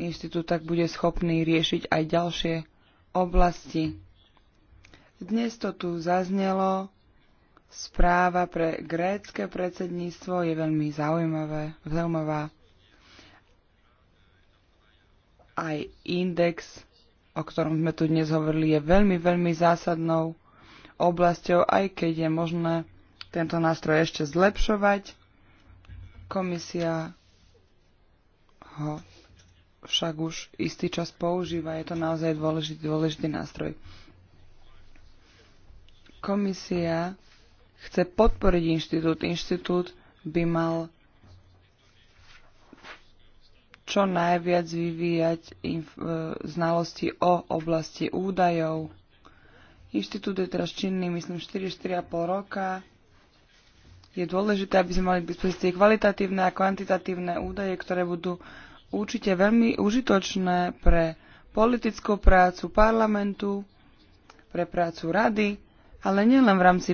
Inštitút tak bude schopný riešiť aj ďalšie oblasti. Dnes to tu zaznelo. Správa pre grécke predsedníctvo je veľmi zaujímavé, zaujímavá. Aj index, o ktorom sme tu dnes hovorili, je veľmi, veľmi zásadnou oblasťou, aj keď je možné tento nástroj ešte zlepšovať. Komisia ho však už istý čas používa. Je to naozaj dôležitý, dôležitý nástroj. Komisia chce podporiť inštitút. Inštitút by mal čo najviac vyvíjať e, znalosti o oblasti údajov. Inštitút je teraz činný, myslím, 4-4,5 roka. Je dôležité, aby sme mali dispozície kvalitatívne a kvantitatívne údaje, ktoré budú určite veľmi užitočné pre politickú prácu parlamentu, pre prácu rady ale nielen v rámci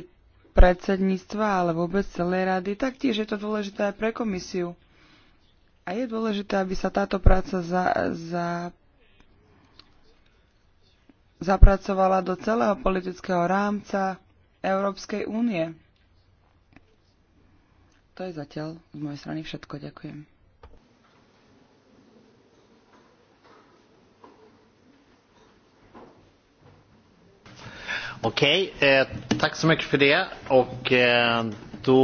predsedníctva, ale vôbec celej rady. Taktiež je to dôležité aj pre komisiu. A je dôležité, aby sa táto práca za, za, zapracovala do celého politického rámca Európskej únie. To je zatiaľ z mojej strany všetko. Ďakujem. Okej, e, okay, tak e, för det. Och då...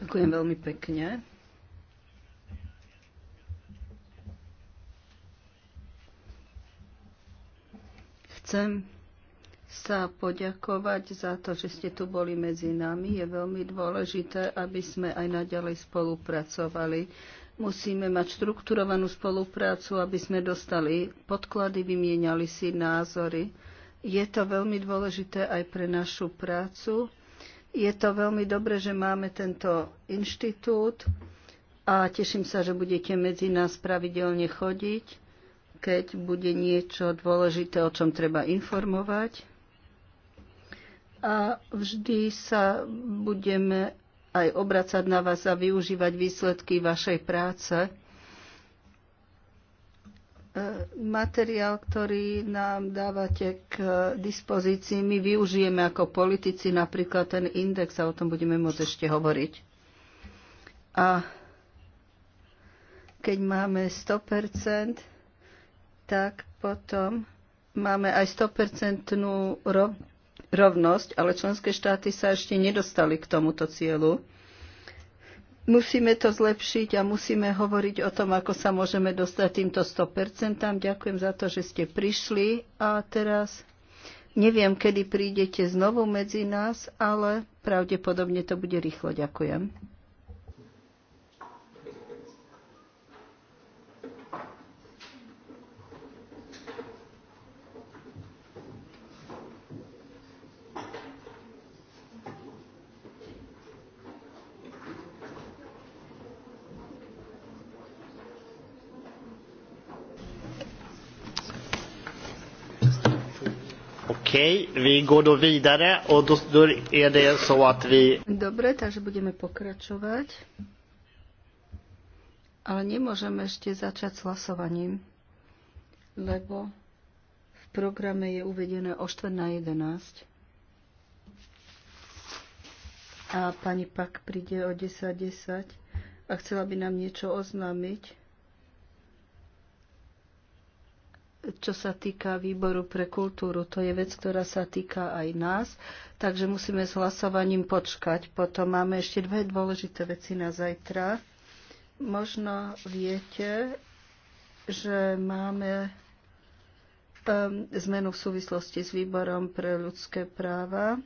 Ďakujem veľmi pekne. Chcem sa poďakovať za to, že ste tu boli medzi nami. Je veľmi dôležité, aby sme aj naďalej spolupracovali. Musíme mať štrukturovanú spoluprácu, aby sme dostali podklady, vymieniali si názory. Je to veľmi dôležité aj pre našu prácu. Je to veľmi dobre, že máme tento inštitút a teším sa, že budete medzi nás pravidelne chodiť, keď bude niečo dôležité, o čom treba informovať. A vždy sa budeme aj obracať na vás a využívať výsledky vašej práce E, materiál, ktorý nám dávate k dispozícii, my využijeme ako politici napríklad ten index a o tom budeme môcť ešte hovoriť. A keď máme 100%, tak potom máme aj 100% rovnosť, ale členské štáty sa ešte nedostali k tomuto cieľu. Musíme to zlepšiť a musíme hovoriť o tom, ako sa môžeme dostať týmto 100%. Ďakujem za to, že ste prišli a teraz neviem, kedy prídete znovu medzi nás, ale pravdepodobne to bude rýchlo. Ďakujem. vi går då vidare och då, då är det så att vi... Dobre, takže budeme pokračovať. Ale nemôžeme ešte začať s hlasovaním, lebo v programe je uvedené o štvrt na 11. A pani Pak príde o 10.10 a chcela by nám niečo oznámiť. čo sa týka výboru pre kultúru, to je vec, ktorá sa týka aj nás, takže musíme s hlasovaním počkať. Potom máme ešte dve dôležité veci na zajtra. Možno viete, že máme um, zmenu v súvislosti s výborom pre ľudské práva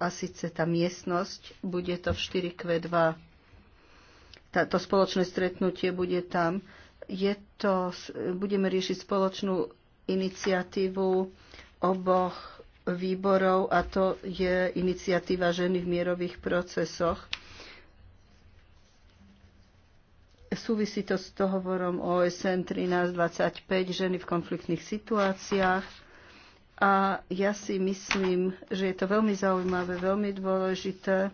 a síce tá miestnosť, bude to v 4Q2. To spoločné stretnutie bude tam je to, budeme riešiť spoločnú iniciatívu oboch výborov a to je iniciatíva ženy v mierových procesoch. Súvisí to s dohovorom OSN 1325 ženy v konfliktných situáciách. A ja si myslím, že je to veľmi zaujímavé, veľmi dôležité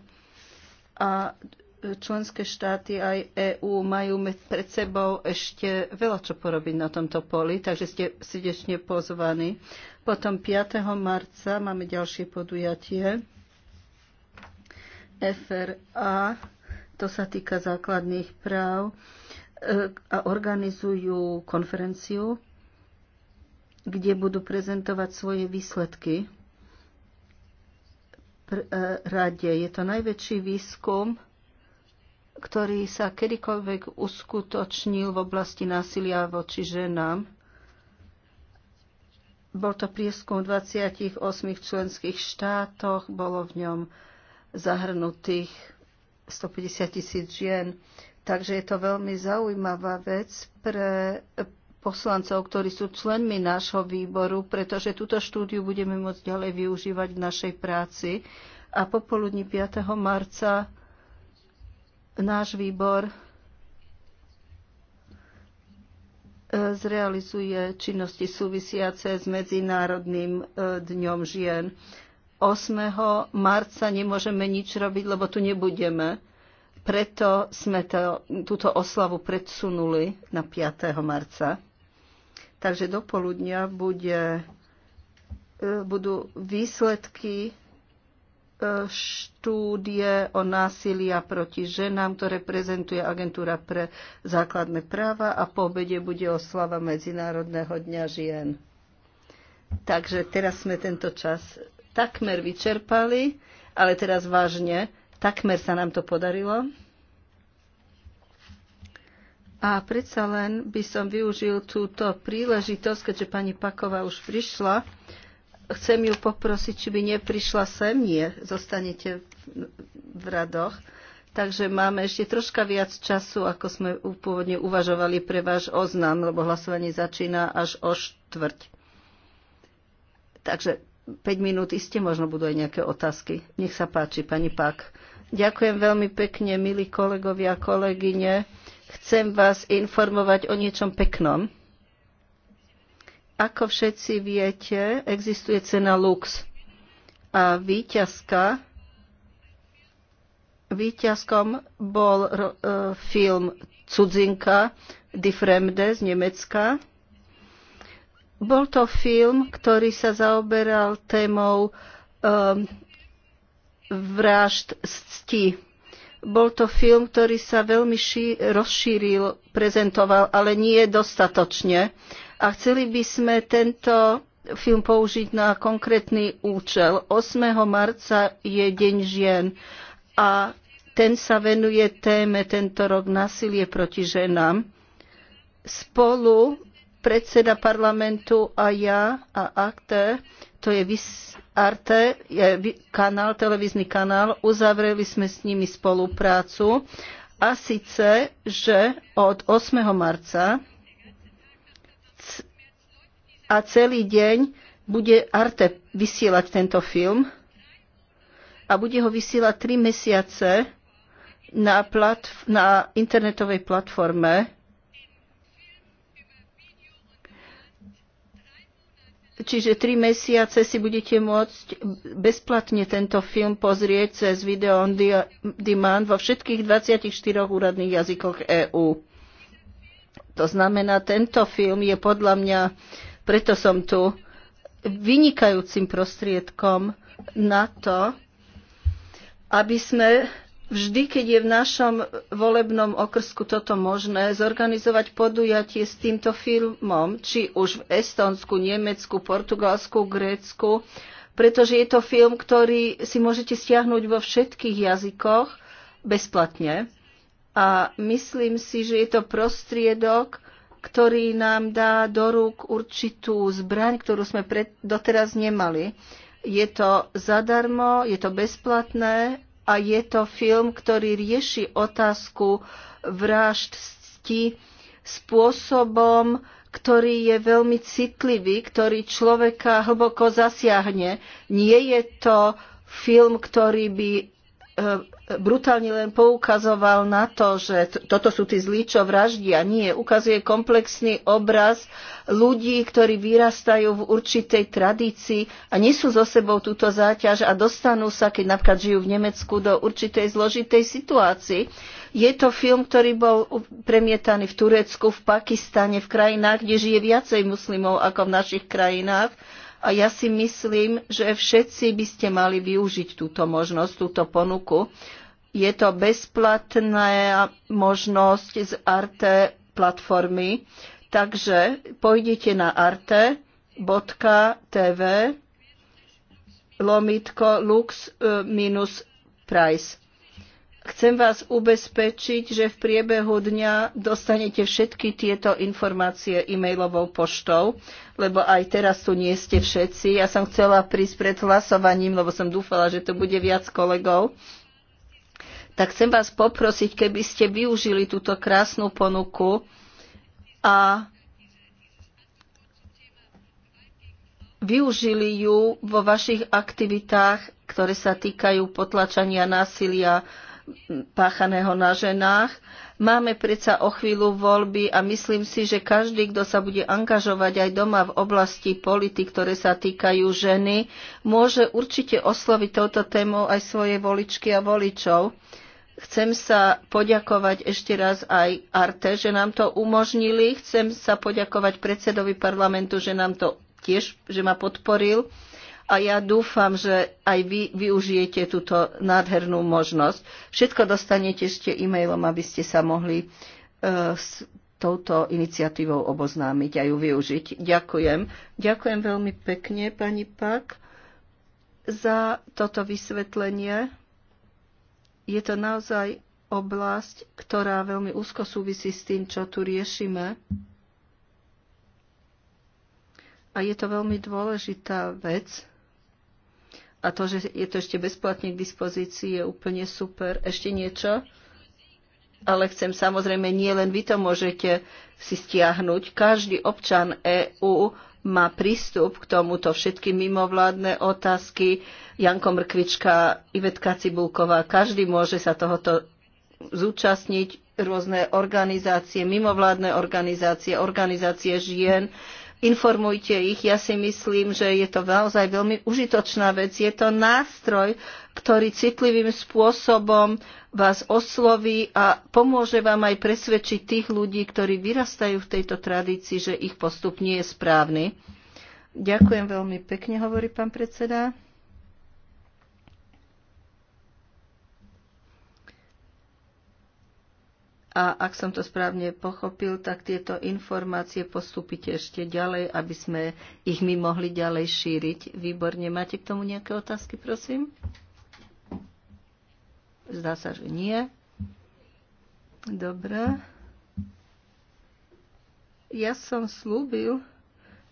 a členské štáty aj EÚ majú pred sebou ešte veľa čo porobiť na tomto poli, takže ste srdečne pozvaní. Potom 5. marca máme ďalšie podujatie FRA, to sa týka základných práv e, a organizujú konferenciu, kde budú prezentovať svoje výsledky e, rade. Je to najväčší výskum, ktorý sa kedykoľvek uskutočnil v oblasti násilia voči ženám. Bol to prieskum v 28 členských štátoch, bolo v ňom zahrnutých 150 tisíc žien. Takže je to veľmi zaujímavá vec pre poslancov, ktorí sú členmi nášho výboru, pretože túto štúdiu budeme môcť ďalej využívať v našej práci. A popoludní 5. marca náš výbor e, zrealizuje činnosti súvisiace s Medzinárodným e, dňom žien. 8. marca nemôžeme nič robiť, lebo tu nebudeme. Preto sme to, túto oslavu predsunuli na 5. marca. Takže do poludnia bude, e, budú výsledky štúdie o násilia proti ženám, ktoré prezentuje Agentúra pre základné práva a po obede bude oslava Medzinárodného dňa žien. Takže teraz sme tento čas takmer vyčerpali, ale teraz vážne, takmer sa nám to podarilo. A predsa len by som využil túto príležitosť, keďže pani Paková už prišla, Chcem ju poprosiť, či by neprišla sem. Nie, zostanete v radoch. Takže máme ešte troška viac času, ako sme pôvodne uvažovali pre váš oznam, lebo hlasovanie začína až o štvrť. Takže 5 minút iste možno budú aj nejaké otázky. Nech sa páči, pani Pak. Ďakujem veľmi pekne, milí kolegovia a kolegyne. Chcem vás informovať o niečom peknom. Ako všetci viete, existuje cena Lux a výťazka Výťazkom bol e, film Cudzinka Die Fremde z Nemecka. Bol to film, ktorý sa zaoberal témou um, vražd z cti. Bol to film, ktorý sa veľmi ší, rozšíril, prezentoval, ale nie dostatočne a chceli by sme tento film použiť na konkrétny účel. 8. marca je Deň žien a ten sa venuje téme tento rok násilie proti ženám. Spolu predseda parlamentu a ja a akte, to je Vis Arte, je kanál, televízny kanál, uzavreli sme s nimi spoluprácu a síce, že od 8. marca a celý deň bude Arte vysielať tento film a bude ho vysielať 3 mesiace na, platf- na internetovej platforme. Čiže 3 mesiace si budete môcť bezplatne tento film pozrieť cez video on demand vo všetkých 24 úradných jazykoch EÚ. To znamená, tento film je podľa mňa preto som tu vynikajúcim prostriedkom na to, aby sme vždy, keď je v našom volebnom okrsku toto možné, zorganizovať podujatie s týmto filmom, či už v Estonsku, Nemecku, Portugalsku, Grécku, pretože je to film, ktorý si môžete stiahnuť vo všetkých jazykoch bezplatne. A myslím si, že je to prostriedok, ktorý nám dá do rúk určitú zbraň, ktorú sme pred, doteraz nemali. Je to zadarmo, je to bezplatné a je to film, ktorý rieši otázku vraždsti spôsobom, ktorý je veľmi citlivý, ktorý človeka hlboko zasiahne. Nie je to film, ktorý by E, brutálne len poukazoval na to, že toto sú tí zlí, čo vraždia. Nie, ukazuje komplexný obraz ľudí, ktorí vyrastajú v určitej tradícii a nesú so sebou túto záťaž a dostanú sa, keď napríklad žijú v Nemecku, do určitej zložitej situácii. Je to film, ktorý bol premietaný v Turecku, v Pakistane, v krajinách, kde žije viacej muslimov ako v našich krajinách a ja si myslím, že všetci by ste mali využiť túto možnosť, túto ponuku. Je to bezplatná možnosť z Arte platformy, takže pôjdete na arte.tv lomitko lux e, minus price Chcem vás ubezpečiť, že v priebehu dňa dostanete všetky tieto informácie e-mailovou poštou, lebo aj teraz tu nie ste všetci. Ja som chcela prísť pred hlasovaním, lebo som dúfala, že to bude viac kolegov. Tak chcem vás poprosiť, keby ste využili túto krásnu ponuku a využili ju vo vašich aktivitách, ktoré sa týkajú potlačania násilia páchaného na ženách. Máme predsa o chvíľu voľby a myslím si, že každý, kto sa bude angažovať aj doma v oblasti politik, ktoré sa týkajú ženy, môže určite osloviť touto tému aj svoje voličky a voličov. Chcem sa poďakovať ešte raz aj Arte, že nám to umožnili. Chcem sa poďakovať predsedovi parlamentu, že nám to tiež, že ma podporil a ja dúfam, že aj vy využijete túto nádhernú možnosť. Všetko dostanete ešte e-mailom, aby ste sa mohli e, s touto iniciatívou oboznámiť a ju využiť. Ďakujem. Ďakujem veľmi pekne, pani Pak, za toto vysvetlenie. Je to naozaj oblasť, ktorá veľmi úzko súvisí s tým, čo tu riešime. A je to veľmi dôležitá vec, a to, že je to ešte bezplatne k dispozícii, je úplne super. Ešte niečo? Ale chcem samozrejme, nie len vy to môžete si stiahnuť. Každý občan EÚ má prístup k tomuto všetky mimovládne otázky. Janko Mrkvička, Ivetka Cibulková, každý môže sa tohoto zúčastniť rôzne organizácie, mimovládne organizácie, organizácie žien, informujte ich. Ja si myslím, že je to naozaj veľmi užitočná vec. Je to nástroj, ktorý citlivým spôsobom vás osloví a pomôže vám aj presvedčiť tých ľudí, ktorí vyrastajú v tejto tradícii, že ich postup nie je správny. Ďakujem veľmi pekne, hovorí pán predseda. A ak som to správne pochopil, tak tieto informácie postúpite ešte ďalej, aby sme ich my mohli ďalej šíriť. Výborne. Máte k tomu nejaké otázky, prosím? Zdá sa, že nie. Dobre. Ja som slúbil,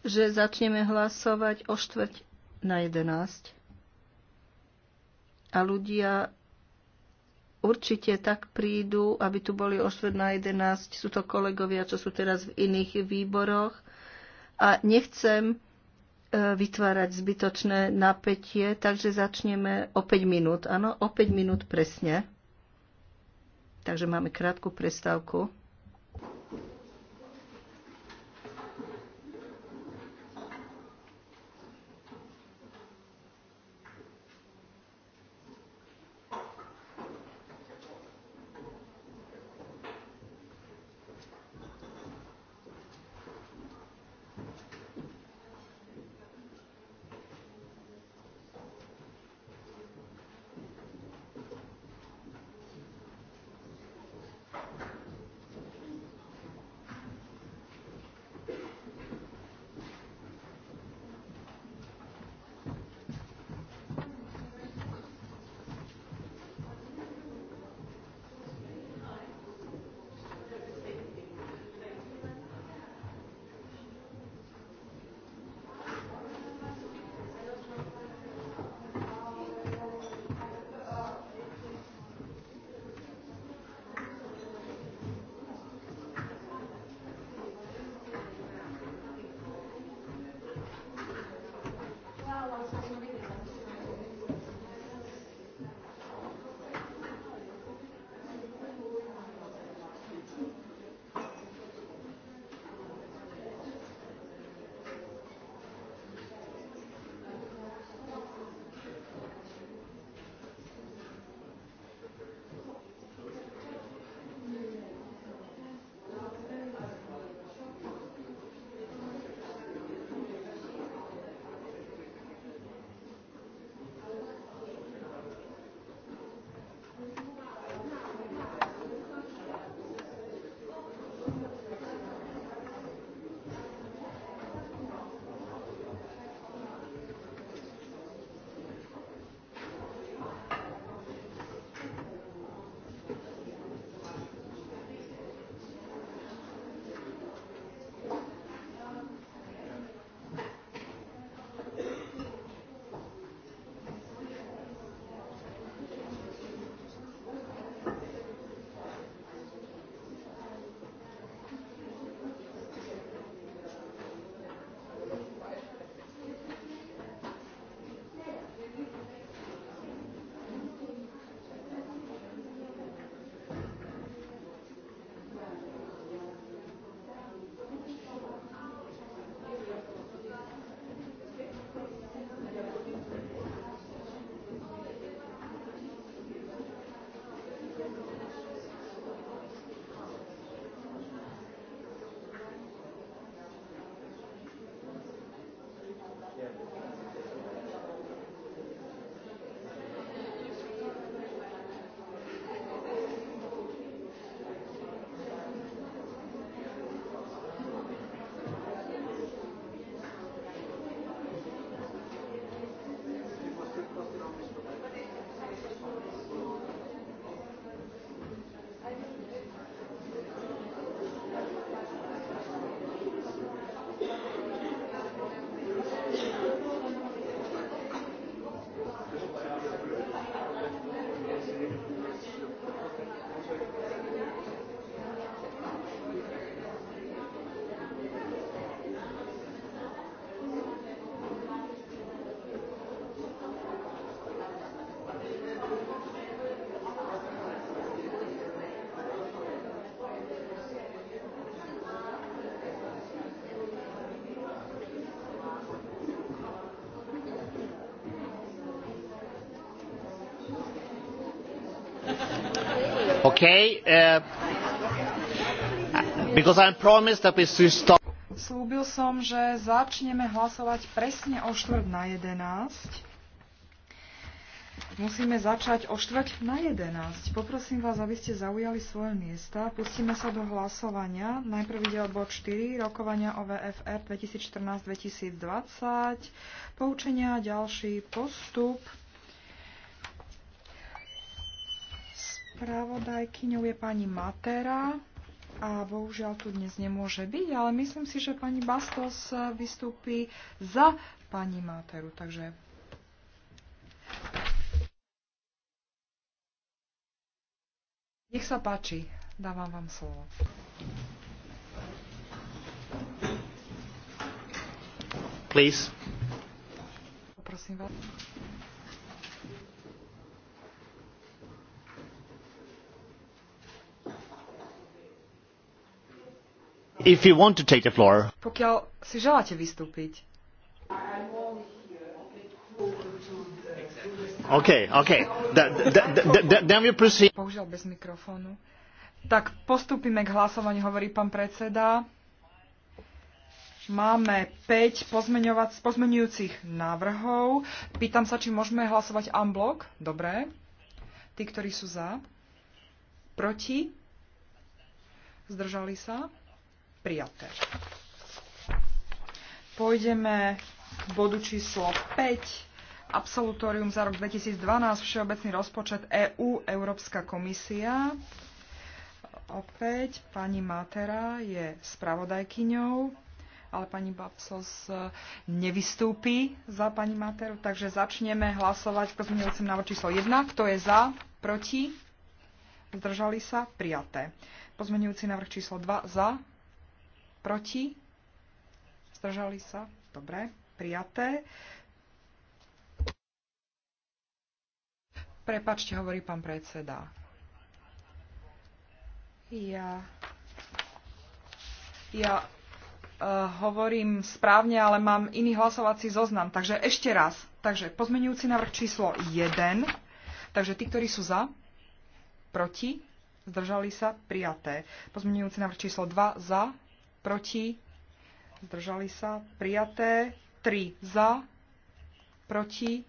že začneme hlasovať o štvrť na 11. A ľudia určite tak prídu, aby tu boli o na 11. Sú to kolegovia, čo sú teraz v iných výboroch. A nechcem e, vytvárať zbytočné napätie, takže začneme o 5 minút. Áno, o 5 minút presne. Takže máme krátku prestávku. Okay, uh, because promised that we stop. Slúbil som, že začneme hlasovať presne o štvrt na jedenásť. Musíme začať o štvrť na jedenásť. Poprosím vás, aby ste zaujali svoje miesta. Pustíme sa do hlasovania. Najprv ide o bod 4, rokovania o VFR 2014-2020, poučenia ďalší postup. Spravodajkyňou je pani Matera a bohužiaľ tu dnes nemôže byť, ale myslím si, že pani Bastos vystúpi za pani Materu, takže nech sa páči, dávam vám slovo. Please. Poprosím vás. if you want to take the floor. Pokiaľ si želáte vystúpiť. OK, OK. Da, da, proceed. Bohužiaľ bez mikrofónu. Tak postupíme k hlasovaniu, hovorí pán predseda. Máme 5 pozmeňujúcich návrhov. Pýtam sa, či môžeme hlasovať unblock. Dobre. Tí, ktorí sú za. Proti. Zdržali sa prijaté. Pôjdeme k bodu číslo 5. Absolutórium za rok 2012, Všeobecný rozpočet EÚ, EU, Európska komisia. Opäť pani Matera je spravodajkyňou, ale pani Babsos eh, nevystúpi za pani Materu, takže začneme hlasovať pozmeňujúcim návrhu číslo 1. Kto je za? Proti? Zdržali sa? Prijaté. Pozmeňujúci návrh číslo 2 za? Proti? Zdržali sa? Dobre. Prijaté. Prepačte, hovorí pán predseda. Ja... Ja uh, hovorím správne, ale mám iný hlasovací zoznam. Takže ešte raz. Takže pozmenujúci návrh číslo 1. Takže tí, ktorí sú za, proti, zdržali sa, prijaté. Pozmenujúci návrh číslo 2, za, proti, zdržali sa, prijaté, 3 za, proti,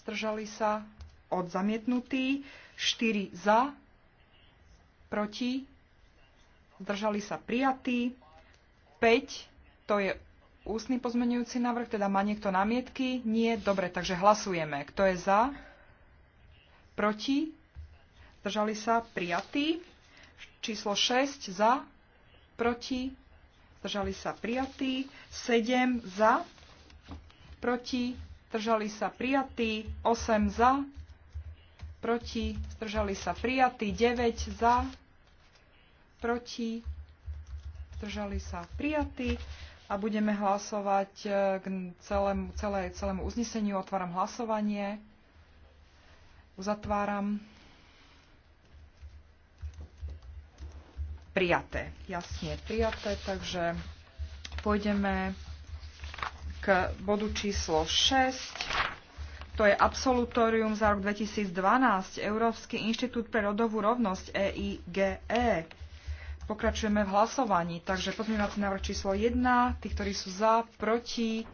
zdržali sa, od zamietnutý, 4 za, proti, zdržali sa, prijatí, 5, to je ústny pozmenujúci návrh, teda má niekto námietky? Nie, dobre, takže hlasujeme. Kto je za? Proti? Zdržali sa? Prijatí. Číslo 6 za? proti, zdržali sa prijatí, 7 za, proti, zdržali sa prijatí, 8 za, proti, zdržali sa prijatí, 9 za, proti, zdržali sa prijatí a budeme hlasovať e, k celému, celé, celému uzneseniu. Otváram hlasovanie. Uzatváram. prijaté. Jasne prijaté, takže pôjdeme k bodu číslo 6. To je absolutórium za rok 2012, Európsky inštitút pre rodovú rovnosť EIGE. E. Pokračujeme v hlasovaní, takže pozmeňovací návrh číslo 1, tí, ktorí sú za, proti,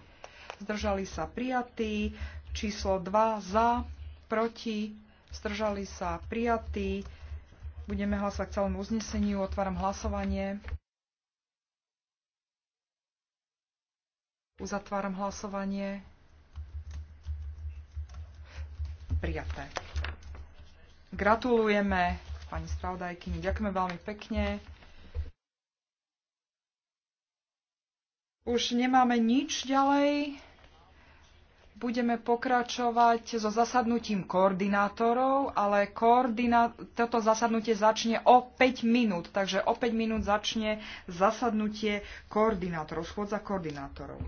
zdržali sa prijatí, číslo 2 za, proti, zdržali sa prijatí, Budeme hlasovať k celému uzneseniu. Otváram hlasovanie. Uzatváram hlasovanie. Prijaté. Gratulujeme pani spravodajkyni. Ďakujeme veľmi pekne. Už nemáme nič ďalej budeme pokračovať so zasadnutím koordinátorov, ale koordina- toto zasadnutie začne o 5 minút, takže o 5 minút začne zasadnutie koordinátorov, schôdza koordinátorov.